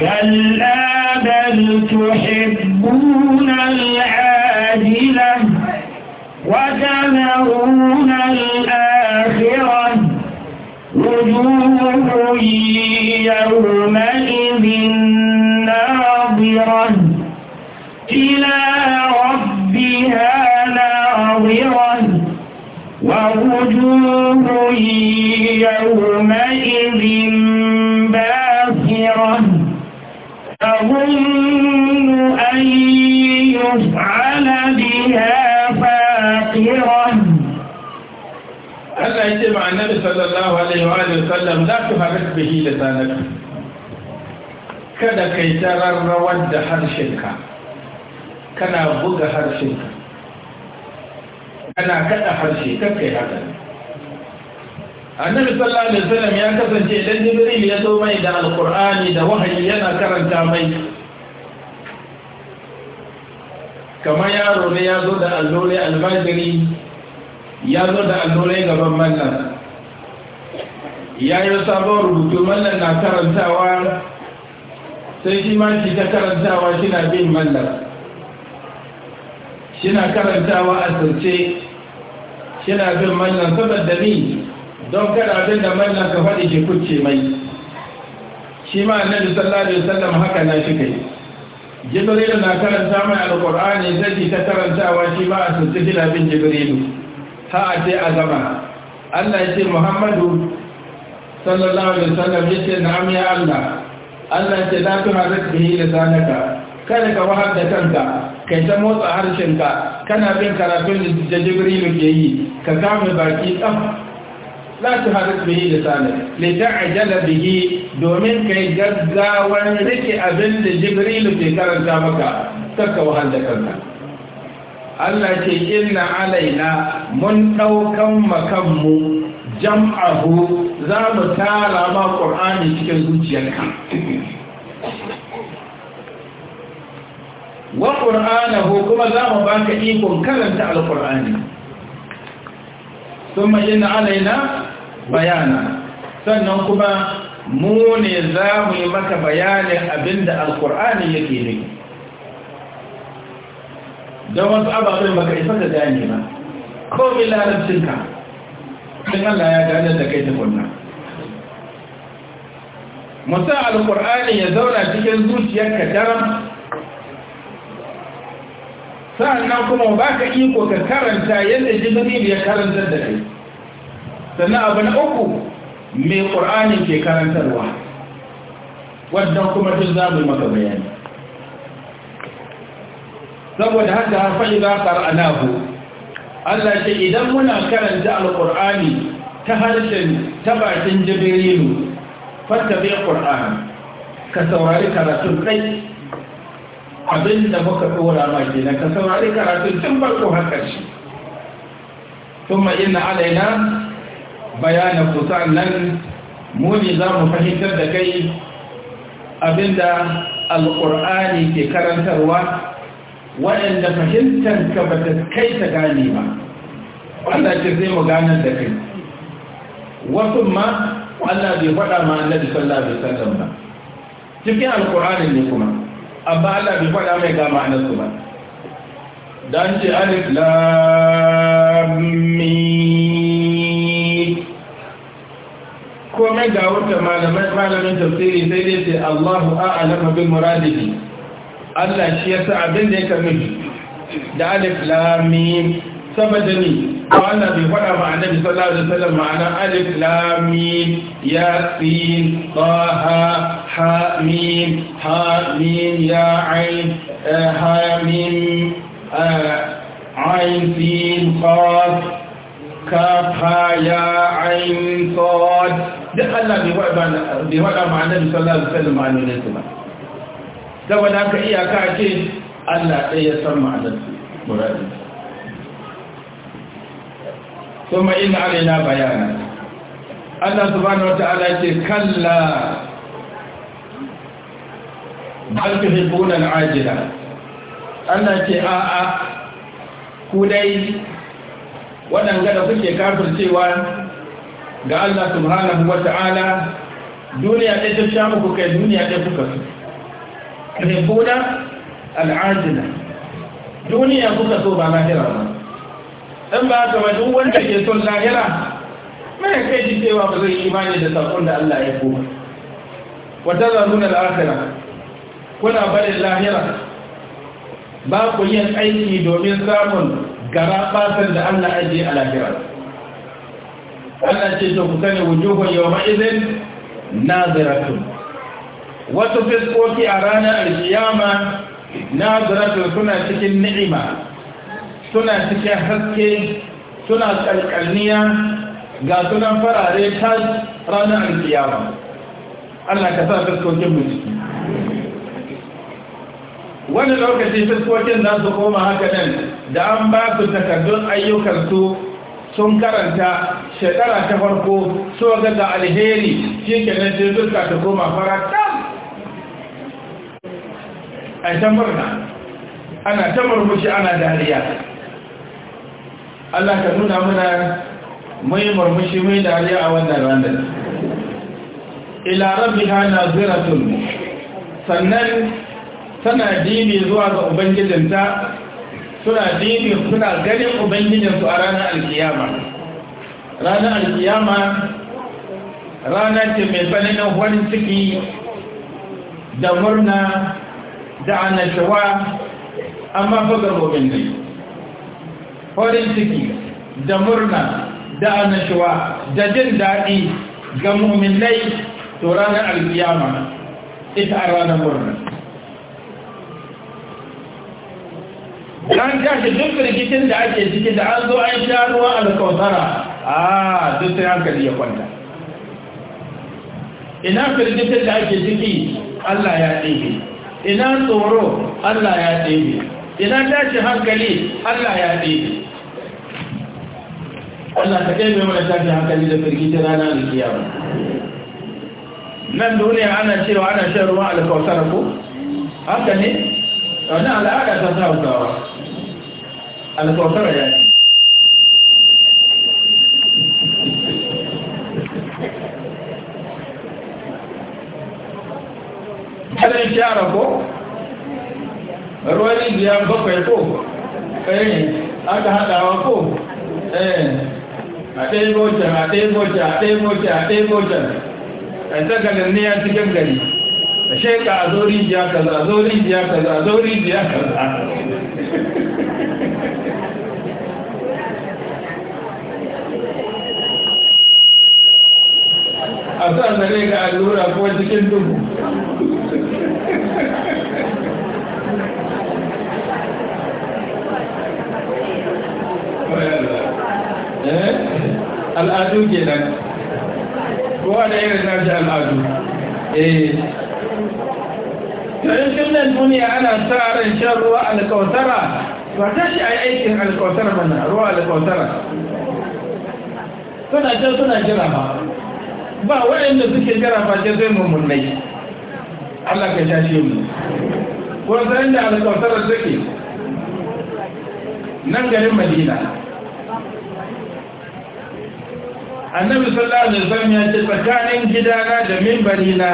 كلا بل تحبون العاجلة وتذرون الآخرة وجوه يومئذ ناظرة إلى ربها ناظرة ووجوه يومئذ باسرة أظن أن يفعل بها فاقرة Allah ya ce ma annabi sallallahu alaihi wa sallam la tu harik bihi lisanak kada kai tararrawar da harshenka kana buga harshenka kana kada harshe kai haka annabi sallallahu alaihi wasallam ya kasance dan jibril ya zo mai da alqur'ani da wahayi yana karanta mai kamar yaro ne ya zo da allolai almajiri ya zo da allolai gaban mallan ya yi sabon rubutu mallan na karantawa sai shi ma shi ta karantawa shi na bin mallan shi na karantawa a sarce shi na bin mallan saboda ni don kada abin da mallan ka faɗi shi kucce mai shi ma annabi sallallahu alaihi wasallam haka na shi kai jibrilu na karanta mai alqur'ani zai ta karantawa shi ma a sujjudi bin jibrilu ha a ce azama Allah ya ce Muhammadu sallallahu alaihi wasallam ya ce na'am ya Allah Allah ya ce la yi da zanaka. kada ka wahar da kanka kai ta motsa harshenka kana bin karatun da Jibrilu ke yi ka kame baki tsaf la ta hada bihi lisanan a ta'jala bihi domin kai gaggawar rike abin da jibrilu ke karanta maka saka wahal da kanka Allah ce inna alaina mun ɗaukan makanmu jam'ahu za mu tara ma qur'ani cikin zuciyarka wa qur'anahu kuma za mu baka ikon karanta alqur'ani ثم إن alaina. bayana sannan kuma mu ne za mu yi maka bayanin abinda alkur'ani yake ne don wasu ababen baka isa da gane ba komi larabcinka sun Allah ya gane da kai ta tukunna musa alkur'ani ya zauna cikin zuciyarka daram sa'annan kuma ba ka iko ka karanta yadda jibril ya karanta da kai sannan abu na uku mai ƙur'ani ke karantarwa wadda kuma duk za mu maka bayani saboda haka fa'i za ka ra'anahu Allah ce idan muna karanta alƙur'ani ta harshen tabakin jibirilu fattabe ƙur'ani ka saurari karatun kai abin da muka ɗora ma kenan ka saurari karatun tun farko har ƙarshe ina alaina. bayana ku nan muni za mu fahimtar da kai abinda alƙur'ani ke karantarwa waɗanda fahimtanka ba ta kai ta gane ba wanda ce zai mu ganar da kai wasu ma Allah bai faɗa ma annabi Sallah alaihi wasallam ba cikin alqur'ani ne kuma Abba Allah bai faɗa mai ga ma'anar su ba dan ce alif lam komai ga wata malamin tafsiri sai dai sai Allahu a'lamu bil muradihi Allah shi yasa abin da ya karbi da alif lam mim saboda ni Allah bai faɗa ma annabi sallallahu alaihi wasallam ma'ana alif lam mim ya sin ta ha ha mim ha mim ya ain ha mim ain sin qaf kafa ya sod duk Allah bai waɗa ma annabi sallallahu alaihi wasallam ne su ba saboda ka iyaka ce Allah ɗaya ya san ma'anar su kuma inna alaina bayana Allah subhanahu wata'ala ce kalla bal tuhibbuna al-ajila Allah ce a'a ku dai waɗanda da suke cewa ga Allah subhanahu wa ta'ala duniya ɗaya ta sha muku kai duniya ɗaya kuka su rikuna al'ajina duniya kuka so ba lahira ba ɗan ba ka ba duk wanda ke son lahira mai kai ji cewa ba zai imani da saƙon da Allah ya koma wata zaruna al'akira kuna barin lahira ba ku yin aiki domin samun gara basar da Allah aje a lafiyar Allah ce to ku sani wujuhun yau ma'izin naziratun wasu fiskoki a ranar alkiyama naziratun suna cikin ni'ima suna cikin haske suna kalkalniya ga sunan farare ta ranar alkiyama Allah ka sa fiskokin mu ciki wani lokaci fiskokin za su koma haka nan da an ba su takardun ayyukansu sun karanta shekara ta farko so ga ga alheri shi ke nan sai fuska ta koma fara a ta murna ana ta murmushi ana dariya Allah ka nuna muna mai murmushi mai dariya a wannan ranar ila rabbiha naziratun sannan tana dini zuwa ga ubangijinta suna dini suna ganin ubangijinsu a ranar alkiyama ranar alkiyama rana ce mai tsananin wani ciki da murna da annashawa amma fagar mobin ne farin ciki da murna da annashawa da jin daɗi ga muminai to ranar alkiyama ita a ranar murna an tashi duk rikicin da ake ciki da an zo an sha ruwa alkautara a duk sai hankali ya kwanta ina firgitin da ake ciki Allah ya ɗebe ina tsoro Allah ya ɗebe ina tashi hankali Allah ya ɗebe Allah ta ɗebe mana tashi hankali da firgitin rana da kiyama nan duniya ana cewa ana shan ruwa alkautara ko haka ne wani al'ada ta sa hausawa alkawar ya ce kanin shara ko ruwan bakwai ko aka haɗawa ko a ɗaya a ɗaya a ɗaya a ɗaya a cikin gari a sheka a zo rijiya kaza a zo rijiya kaza a zo rijiya kaza a ga allura ko cikin duhu eh? al'adu ke nan kowa da irin nashi al'adu eh yayin sunan duniya ana sa ran shan ruwa alkautara ba ta shi a yi aikin alkautara mana ruwa alkautara suna can suna jira ba ba waɗanda suke jira ba ce zai mummunai Allah ka shashe mu ko san da alkautara take nan garin madina annabi sallallahu alaihi wasallam ya ce tsakanin gidana da mimbarina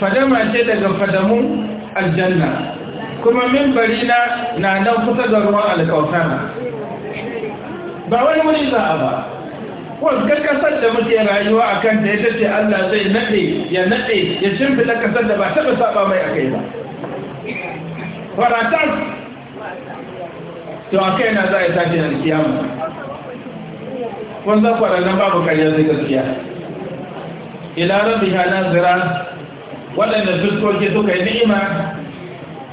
fadama ce daga fadamun aljanna kuma mimbari na na nan kusa da ruwan alkautana ba wani wani za a ba wasu kasar da muke rayuwa a da ya tafi Allah zai naɗe ya naɗe ya shimfila kasar da ba taɓa saba mai a kai ba faratas to a kai na za a yi tafi na mu. wanda kwararren babu karyar zai gaskiya ila rabbi zira waɗanda duskoki suka yi ni'ima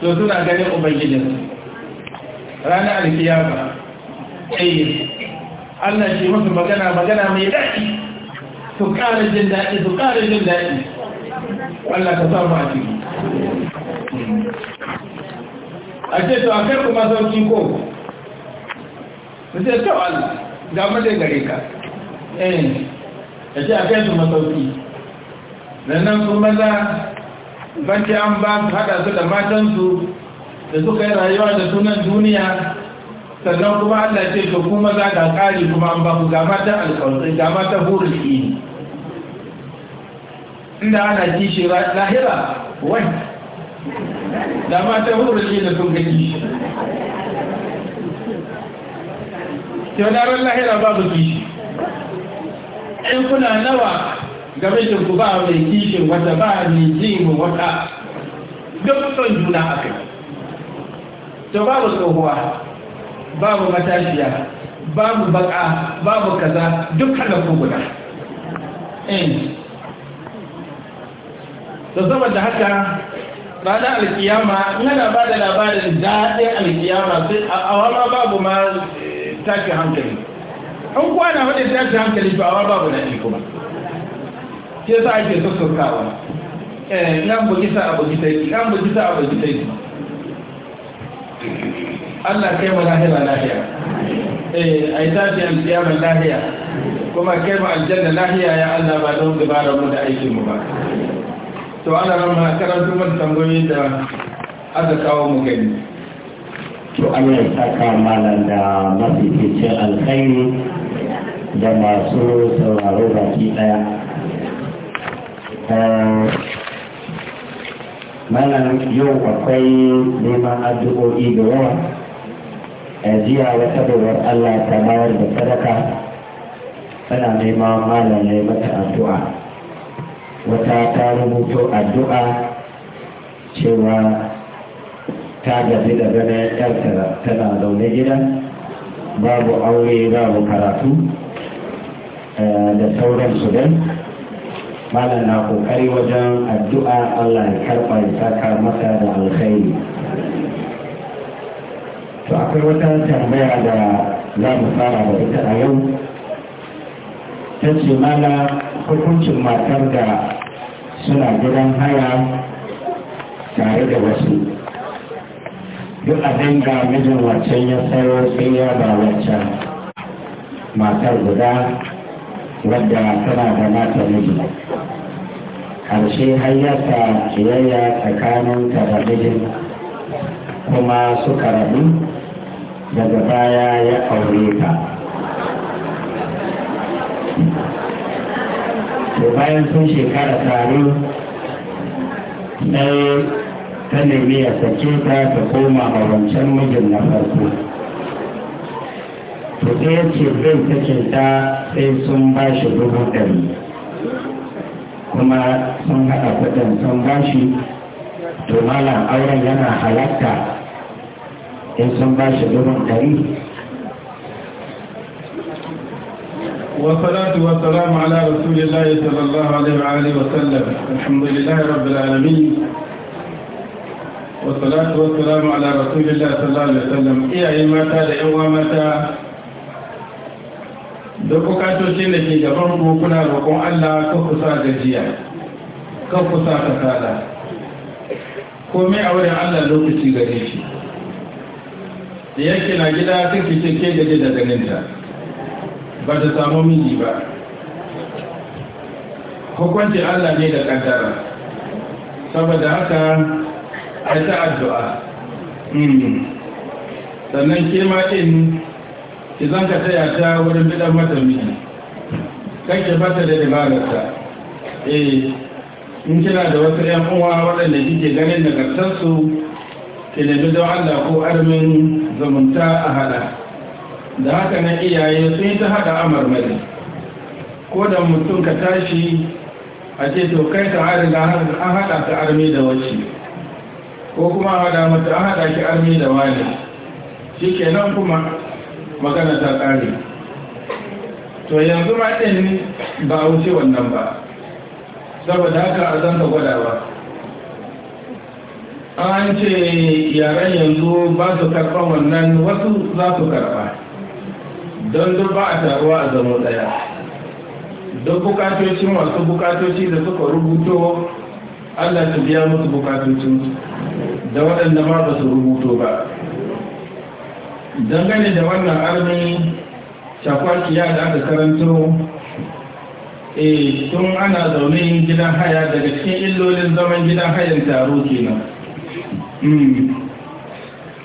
to suna ganin ubangijinsu ranar alkiyama ɗaya eh, allah ce masu magana magana mai daɗi su ƙara jin daɗi su ƙara jin daɗi allah ka samu a ciki a ce to a kai kuma sauki ko su ce to allah ga mada gare ka eh a ce a kai su nan nan kuma za bace an ba su haɗa su da matansu da suka yi rayuwa da sunan duniya sannan kuma allah ce to kuma za ka ƙari kuma an ba ku ga matan alƙawarci ga matan burin inda ana kishi lahira wani da matan burin da sun ga kishi To da ran lahira babu kishi in kuna nawa game ku ba mai kishin wata ba mai jin wata duk son juna a kai to babu tsohuwa babu matashiya babu baka babu kaza duk hada ku guda eh. da da haka bada alkiyama yana ba da labarin daɗin alkiyama sai a awama babu ma eh, tashi hankali an kwana wadda tashi hankali to awa babu na kuma ke eh, sa ake sassaukawa yan bukisa a bukitai yan bukisa a bukitai Allah kai ma lahira lahiya eh ai tafi alƙiyamar lahiya kuma kai ma aljanna lahiya ya Allah ba don dubara mu da aikin mu ba to ana nan ma karanta mun tambayoyi da aka kawo mu gani to Allah ya saka malam da mafi fice alkhairi da masu sauraro baki daya Mana yau akwai neman addu'o'i da yawa a jiya wata dawar Allah ta bayar da sadaka tana neman mana ya mata addu'a wata ta rubuto addu'a cewa ta gaji da ganin yarta tana zaune gida babu aure babu karatu eh, da sauran su dai malam na kokari wajen addu'a Allah ya karɓa ya saka masa da alkhairi to akwai wata tambaya da za mu fara da ita a yau ta ce mana hukuncin matar da suna gidan haya tare da wasu duk abin da mijin waccan ya sayo sai ya ba wancan. matar guda wadda tana da mata miji ƙarshe hayyarta kiyayya tsakanin ta da mijin kuma suka rabu daga baya ya aure ta to bayan sun shekara tare sai ta nemi ya sake ta ta koma a wancan mijin na farko to sai ya ce zai sake ta sai sun ba shi dubu ɗari kuma sun haɗa kuɗin sun ba shi to malam auren yana halatta in sun ba shi dubu ɗari والصلاة والسلام على رسول الله صلى الله عليه وآله وسلم الحمد لله رب العالمين والصلاة والسلام على رسول الله صلى الله عليه وسلم إيه متى لإيه متى duk bukatocin da ke gaban ku kuna roƙon Allah ka kusa gajiya ka kusa kasala komai a wurin Allah lokaci gare shi da yake na gida take ce ke gaje da ganinta ba ta samu miji ba hukunci Allah ne da kaddara saboda haka a ta addu'a hmm. sannan ke ma ɗin idan ka taya ta wurin bidan mata miji kake bata da dabararta eh in kina da wasu yan uwa waɗanda kike ganin nagartarsu ki nemi don Allah ko armin zamunta a hada da haka na iyaye sun yi ta hada amarmari ko da mutum ka tashi a ce to kai ta harin an hada ta armi da wacce ko kuma a hada mutu an hada ki armi da wani shi kenan kuma magana ta ƙare to yanzu ma ɗin ba a wuce wannan ba saboda haka a zanta gwada ba an ce yaren yanzu ba su karɓar wannan wasu za su karɓa don duk ba a taruwa a zama ɗaya duk bukatoci masu bukatoci da suka rubuto allah ta biya musu bukatocin da waɗanda ma ba su rubuto ba dangane da wannan arzini shakwakiya da aka karanto e tun ana zaune gidan haya daga cikin illolin zaman gidan hayan taro kenan hmm.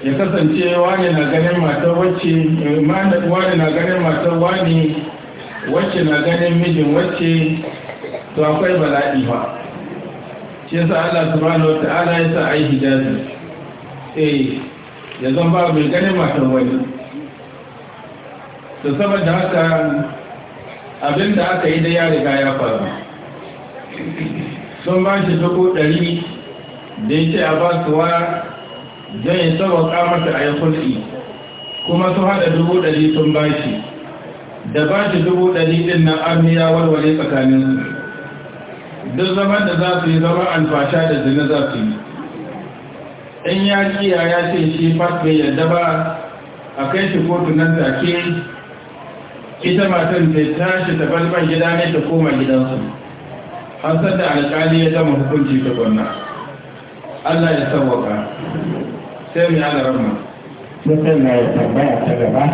ya kasance wani na ganin matar wacce eh, wani na ganin matar wani wacce na ganin mijin wacce to akwai bala'i ba ce sa Allah subhanahu wa ta'ala ya sa ai hijabi eh ya zan ba mai ganin matan wani da saboda haka abin da aka yi da ya riga ya faru sun ba shi dubu ɗari da ya ce a ba su wa zai yi sauwaƙa masa a yi kuma su haɗa dubu ɗari sun ba shi da ba shi dubu ɗari ɗin na armiya warware tsakaninsu duk zaman da za su yi zama alfasha da zina za su yi in ya kiya ya ce shi fat bai yadda ba a kai shi kotu nan take ita matan ta tashi ta balban gida ne ta koma gidansu har da alƙali ya zama hukunci ta gwanna Allah ya sauwaka sai mu yana rama mutum na tambaya ta gaba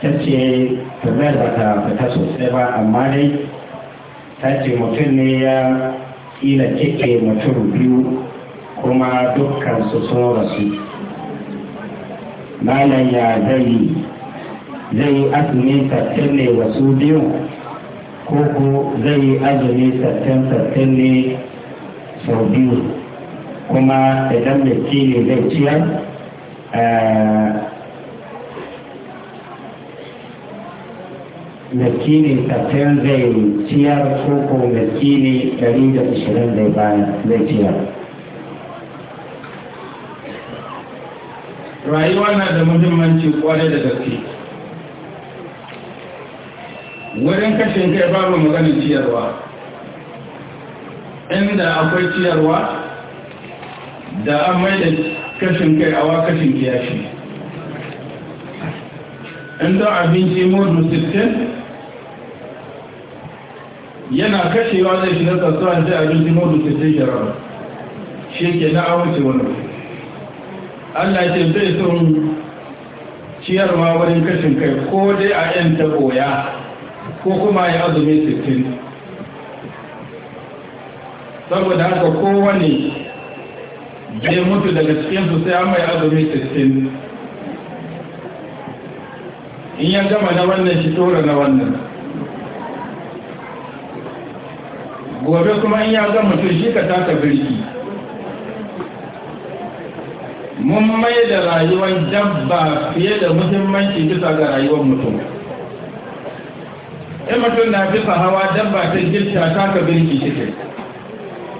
ta ce tambayar ba ta fita sosai ba amma dai ta ce mutum ne ya kila kike mutum biyu kuma dukkan su sun rasu malam ya zai zai azumi sattin ne wasu biyu ko ko zai azumi sattin sattin ne sau biyu kuma idan mai ne zai ciyar eh, mekini sattin zai ciyar koko miskini 120 zai ciyar rayuwa na da muhimmanci kwarai da gaske wurin kashin kai babu maganin ciyarwa inda akwai ciyarwa da an mai da kashin kai awa kashin kiyashi inda abinci modu 16 yana kashewa zai na kasuwa da abinci mordu 60 shi ke na awuce wani Allah ce zai son ciyarwa wurin kashin kai ko dai a yan ta koya ko kuma ya azumi sittin saboda haka kowane zai mutu daga cikinsu sai an mai azumi sittin in ya gama na wannan shi tura na wannan gobe kuma in ya gama mutu shi ka taka birki mun mai da rayuwar dabba fiye da muhimmanci bisa ga rayuwar mutum in mutum na bisa hawa dabba ta gita taka birki cikin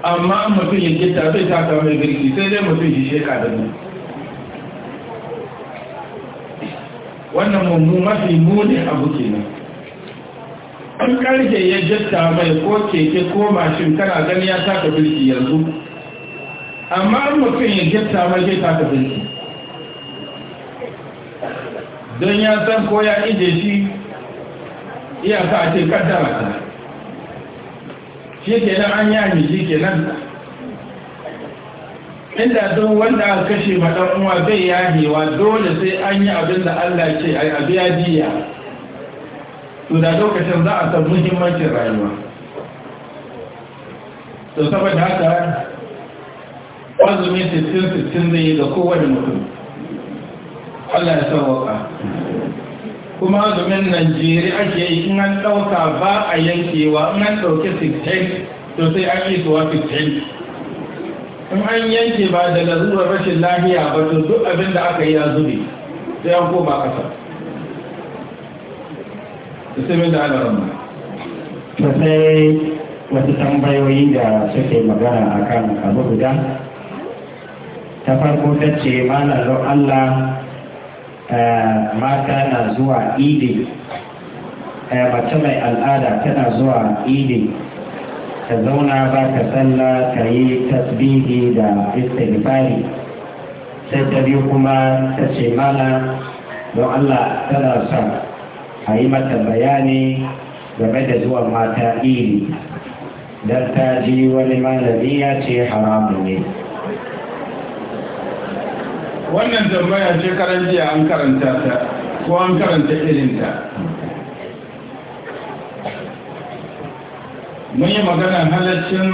amma mutum ya gita ta ka mai birki sai dai mutum shi sheka da mu wannan mummu mafi muni abu kenan an karfe ya gita mai ko keke ko mashin kana gani ya taka birki yanzu amma mutum ya gifta ba taka binci don ya san ko ya ije shi iyaka a ce kaddara ta shi ke nan an yami shi ke nan inda don wanda aka kashe maɗan uwa bai yahewa dole sai an yi abin da allah ce a biya jiya. to da lokacin za a san muhimmancin rayuwa to saboda haka azumi sittin sittin zai yi ga kowane mutum Allah ya sauwaka kuma azumin Najeriya ake yi in an ɗauka ba a yankewa in an ɗauki sittin to sai an yi suwa sittin in an yanke ba daga zuwa rashin lahiya ba to duk abin da aka yi ya zube sai an koma ƙasa isimin da ala ramu to sai wasu tambayoyi da suke magana akan kan guda ta farko ta ce malarin Allah eh, mata na zuwa idi eh, mace mai al'ada tana zuwa idi ta zauna ba ta tsalla ta yi tasbihi da istighfari sai ta biyu kuma ta ce mana don Allah tana son a yi mata bayani game da zuwa mata iri don ta ji wani malami ya ce haramu ne wannan tambaya ce karantiya an karanta ta ko an karanta irinta mun yi magana halaccin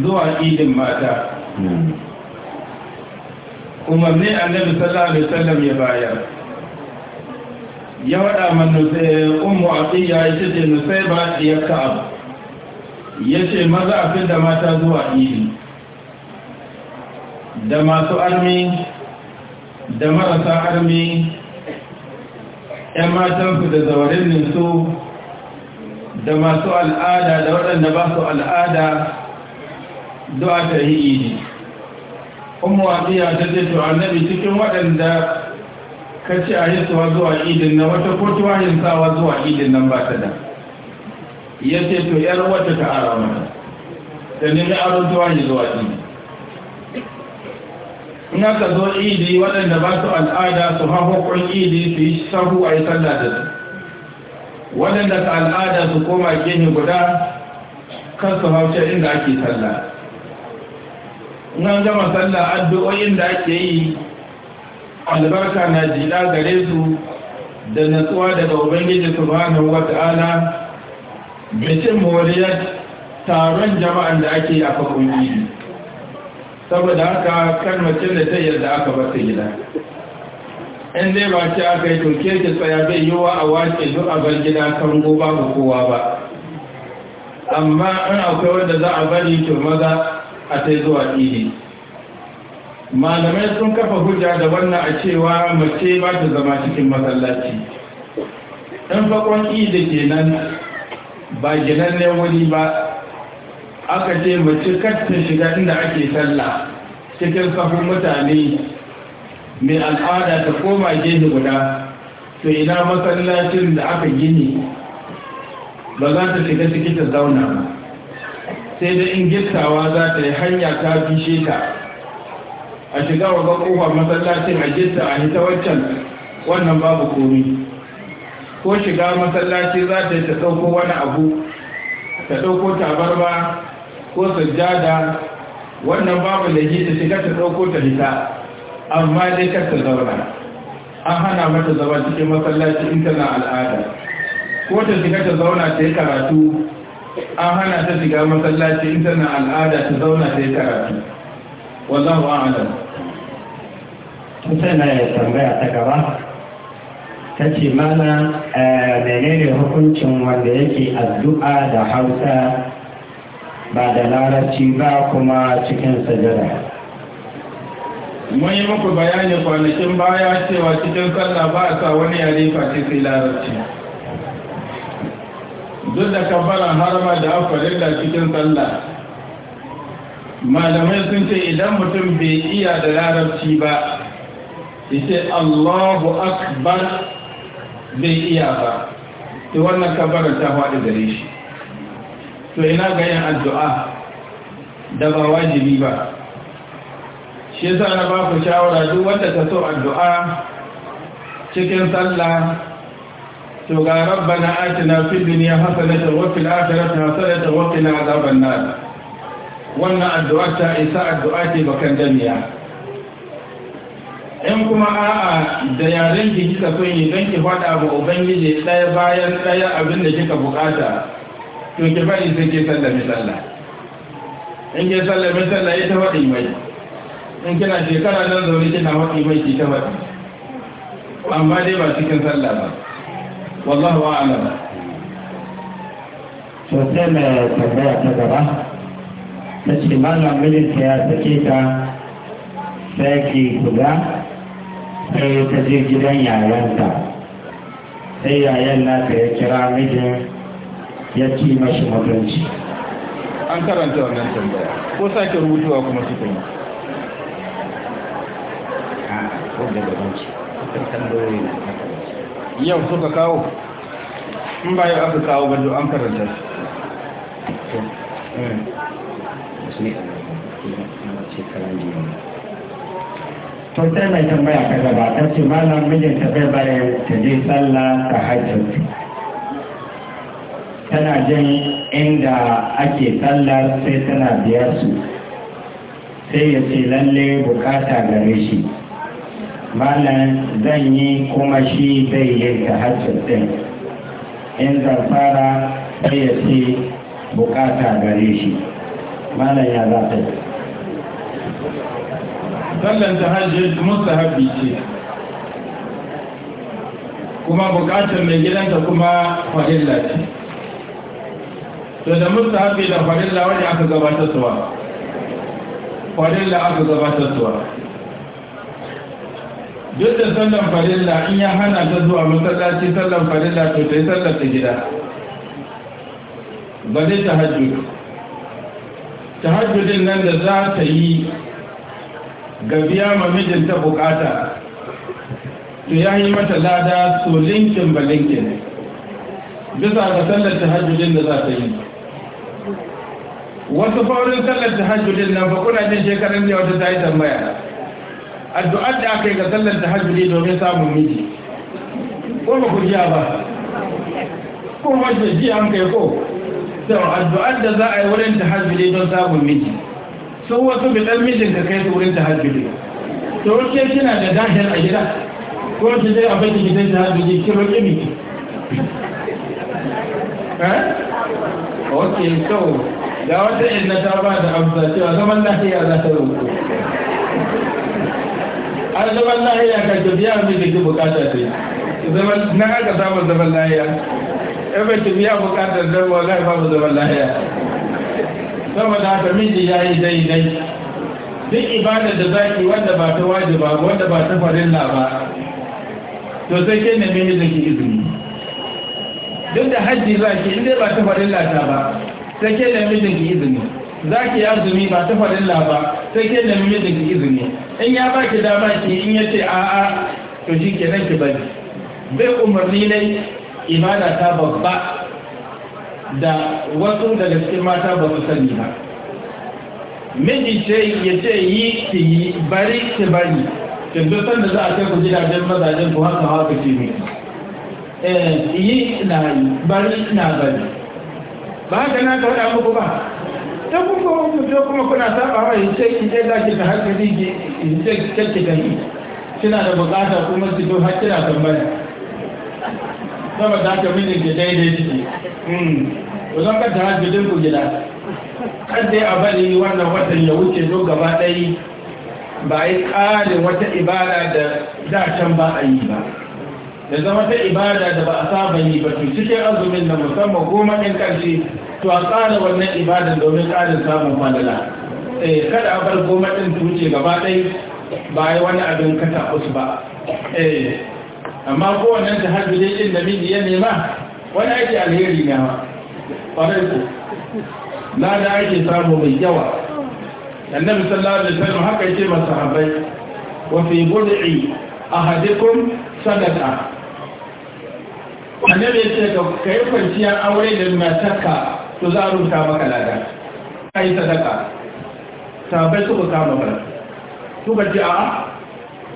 zuwa idin mata umarni annabi sallallahu alaihi wasallam ya bayar ya wada manu sai ummu aqiya ita ce nusaiba ya ka'ab yace maza a da mata zuwa idi da masu armi da marasa armi ‘yan matansu da zaurinninsu da masu al'ada da waɗanda ba su al'ada zuwa ta yi ne. Kuma waɗiya ta ce to annabi cikin waɗanda ka ce a yi suwa zuwa idin na wata ko tuwahin sawa zuwa idin nan ba ta da. Ya ce to ‘yar wata ta ara mata, ta nemi aron tuwahin zuwa idin. in aka zo idi waɗanda ba su al'ada su kun idi su yi sahu a yi sallah da su waɗanda ka al'ada su koma ni guda kan su hauce inda ake sallah in an gama sallah addu'o'in da ake yi albarka na jiɗa gare su da natsuwa daga ubangiji su subhanahu wa ta'ala bikin moriyar taron jama'an da ake a fakon idi saboda haka kan mace da ta yarda aka ba ta gida in dai ba shi aka yi toke ta tsaya zai yi wa a wace duk a bar gida kan goba ba kowa ba amma in akwai wanda za a bari to maza a ta zuwa ɗini malamai sun kafa hujja da wannan a cewa mace ba ta zama cikin masallaci ɗan da ke kenan ba gidan ne wuri ba aka ce mace katta shiga inda ake sallah cikin kafin mutane mai al'ada ta koma gini guda to ina masallacin da aka gini ba za ta shiga ciki ta zauna ba sai da in gittawa za ta yi hanya ta fishe ta a shiga wa kofa masallacin a gitta a hita waccan wannan babu komi ko shiga masallaci za ta yi ta ɗauko wani abu ta ɗauko tabarba ko sajjada wannan babu da yi da shiga ta ɗauko ta fita amma dai kar ta zauna an hana mata zama cikin masallaci in tana al'ada ko ta shiga ta zauna ta yi karatu an hana ta shiga masallaci in tana al'ada ta zauna ta yi karatu wallahu a'lam mutane ya tambaya ta gaba ta ce mana eh, menene hukuncin wanda yake addu'a da hausa ba da larabci ba kuma cikin sajada mun yi muku bayani kwanakin baya cewa cikin sallah ba a sa wani yare face sai larabci duk da kabbalan harama da da cikin sallah malamai sun ce idan mutum bai iya da larabci ba ita allahu akbar bai iya ba ta wannan kabbalan ta faɗi gare shi to ina ga yin addu'a da ba wajibi ba shi yasa na ba ku shawara duk wanda ta so addu'a cikin sallah to ga rabbana atina fid dunya hasanatan wa fil akhirati hasanatan wa qina azaban nar wannan addu'a ta isa addu'a ce bakan damiya in kuma a'a da yaren ki kika son yi ki faɗa ba ubangiji ɗaya bayan ɗaya abin da kika buƙata. to ki bari sai ke sallame sallah in ke sallame sallah ita faɗi mai in kina shekara nan zaune kina faɗi mai ki ta faɗi amma dai ba cikin sallah ba wallahu a'lam to sai mai tambaya ta gaba ta ce malam mijinta ya sake ta sai ki kula sai ta je gidan yayanta sai yayan ta ya kira mijin ya ci mashi maganci an karanta wannan tambaya ko sake rubutuwa kuma su kuma ko da banci. kan tambayoyi na yau suka kawo in ba yau aka kawo gado an karanta eh, su to sai mai tambaya ka gaba ta ce na mijinta bai bayan ta je sallah ta hajjar tana jin inda ake sallar sai tana biyar su sai ya ce lalle bukata gare shi malam zan yi kuma shi zai yi ta hajjar ɗin in zan fara sai ya ce bukata gare shi malam ya za ta sallan ta hajjar musta haɓi ce kuma bukatar mai gidanta kuma fahimta ce to da mustahabi da farilla wani aka gabatar suwa farilla aka gabatar suwa duk da sallan farilla in ya hana ta zuwa masallaci sallan farilla to ta yi sallar ta gida ba zai ta hajji. ta hajjudin nan da za ta yi gabiya ma mijinta bukata to ya yi mata lada so linkin ba linkin bisa ga sallar ta hajjudin da za ta yi wasu faurin sallar ta hajjudin nan ba kuna jin shekarun ne wata ta yi tambaya addu'ar da aka yi ga sallar ta hajjudi domin samun miji ko ba ku jiya ba ko ba ku jiya an kai ko sau addu'ar da za a yi wurin ta hajjudi don samun miji sun wasu bi ɗan mijin ka kai su wurin ta hajjudi to ke kina da dahil a gida ko ki dai abin da gidan ta hajjudi ki roƙi miki eh okay so ga wata inna ta ba da amsa cewa zaman lahiya za ta roƙo an zaman lahiya ka ke biya mai da ke bukata ce na aka samu zaman lahiya in ba ki biya bukatar don wallahi babu zaman lahiya saboda haka miji ya yi dai duk ibadar da zaki wanda ba ta wajiba wanda ba ta farilla ba to sai ke nemi mijinki izini duk da hajji za ki inda ba ta farilla ta ba sai ke da mijin ki izini za ki yi azumi ba ta faɗin laba sai ke da mijin ki izini in ya ba ki dama ki in ya ce a'a to shi ke nan ki bari bai umarni ne Imana ta babba da wasu daga cikin mata ba su sani ba miji ce ya ce yi ki yi bari ki bari kindosan da za a kai ku gidajen mazajen ku haka haka ce ne eh, yi na yi bari na bari ba haka na ta faɗa muku ba ta kuma mutu kuma kuna saba wa yace in za ki ta hankali ki in ce kake da yi kina da bukata kuma su zo har kina tambaya sama da haka mijin ki daidai ciki hmm. ku zan kanta hajjudin ku gida kan dai a bari wannan watan ya wuce zo gaba ɗaya ba a yi ƙarin wata ibada da da can ba a yi ba da zama ta ibada da ba a saba yi ba cikin azumin da musamman goma ɗin ƙarshe to a tsara wannan ibadan domin ƙarin samun falala eh kada a bar goma ɗin su wuce gaba ɗai ba yi wani abin kata usu ba eh amma kowannen ta har bilin ɗin da miji ya nema wani ake alheri ne ma ƙwarai ku na da ake samu mai yawa annabi sallallahu alaihi wasallam haka yake masahabai wa fi bud'i ahadikum sadaka annabi ya ce ka yi kwanciyar aure da matarka to za a rubuta maka lada ka yi sadaka sabai suka kama Su ka ce a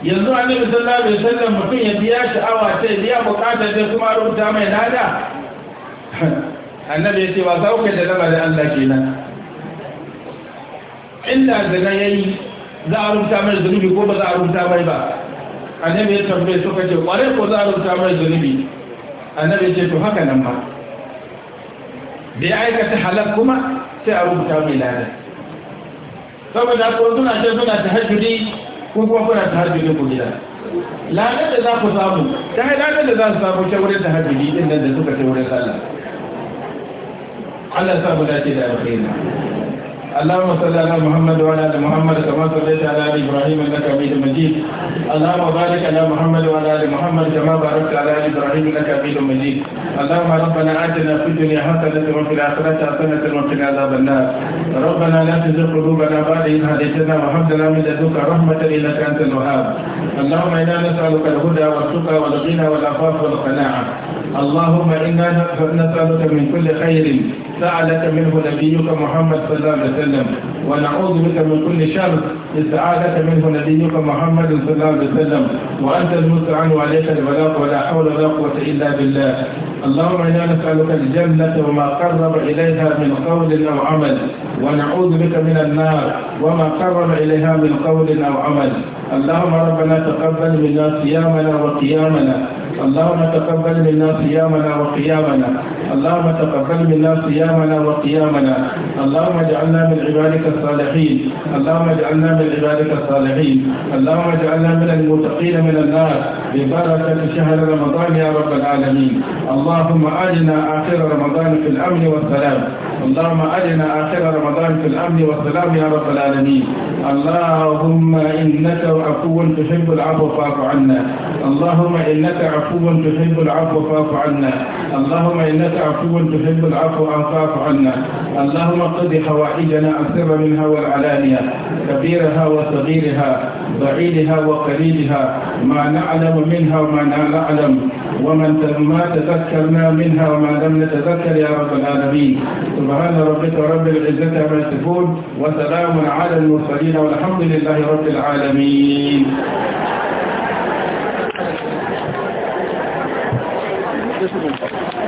yanzu annabi sallallahu alaihi wasallam mutum ya biya sha'awa ta biya bukatar da kuma rubuta mai lada annabi ya ce ba za ku kai da lamarin Allah kenan inda ya yayi za a rubuta mai zunubi ko ba za a rubuta mai ba annabi ya tambaye suka ce kware ko za a rubuta mai zunubi annabi ce to haka nan ba da ya aikata halar kuma sai a rubuta mai lada saboda ko suna ce suna ta hajjudi ko kuma kuna ta hajjudi ko gida ladar da za ku samu ta ladar da za su samu ce wurin ta hajjudi din nan da suka ce wurin sallah Allah da ce da alkhairi اللهم صل على محمد وعلى ال محمد كما صليت على ال ابراهيم انك حميد مجيد اللهم بارك على محمد وعلى ال محمد كما باركت على ال ابراهيم انك حميد مجيد اللهم ربنا اتنا في الدنيا حسنه وفي الاخره حسنه وقنا عذاب النار ربنا لا تزغ قلوبنا بعد اذ هديتنا وهب لنا من لدنك رحمه انك انت الوهاب اللهم انا نسالك الهدى والتقى والغنى والعفاف والقناعه اللهم إنا نسألك من كل خير سألك منه نبيك محمد صلى الله عليه وسلم ونعوذ بك من كل شر استعاذك منه نبيك محمد صلى الله عليه وسلم وأنت المستعان وعليك البلاغ ولا حول ولا قوة إلا بالله اللهم إنا نسألك الجنة وما قرب إليها من قول أو عمل ونعوذ بك من النار وما قرب إليها من قول أو عمل اللهم ربنا تقبل منا صيامنا وقيامنا اللهم تقبل منا صيامنا وقيامنا اللهم تقبل منا صيامنا وقيامنا اللهم اجعلنا من عبادك الصالحين اللهم اجعلنا من عبادك الصالحين اللهم اجعلنا من المتقين من النار ببركة شهر رمضان يا رب العالمين اللهم أجنا آخر رمضان في الأمن والسلام اللهم أجنا آخر رمضان في الأمن والسلام يا رب العالمين اللهم إنك عفو تحب العفو فاعف عنا اللهم إنك عفوا تحب العفو فاعف عنا اللهم إنك عفو تحب العفو فاعف عنا اللهم قد حوائجنا أسر منها والعلانية كبيرها وصغيرها بعيدها وقريبها ما نعلم منها وما لا نعلم ومن ما تذكرنا منها وما لم نتذكر يا رب العالمين سبحان ربك رب العزة عما يصفون وسلام على المرسلين والحمد لله رب العالمين 这个事情。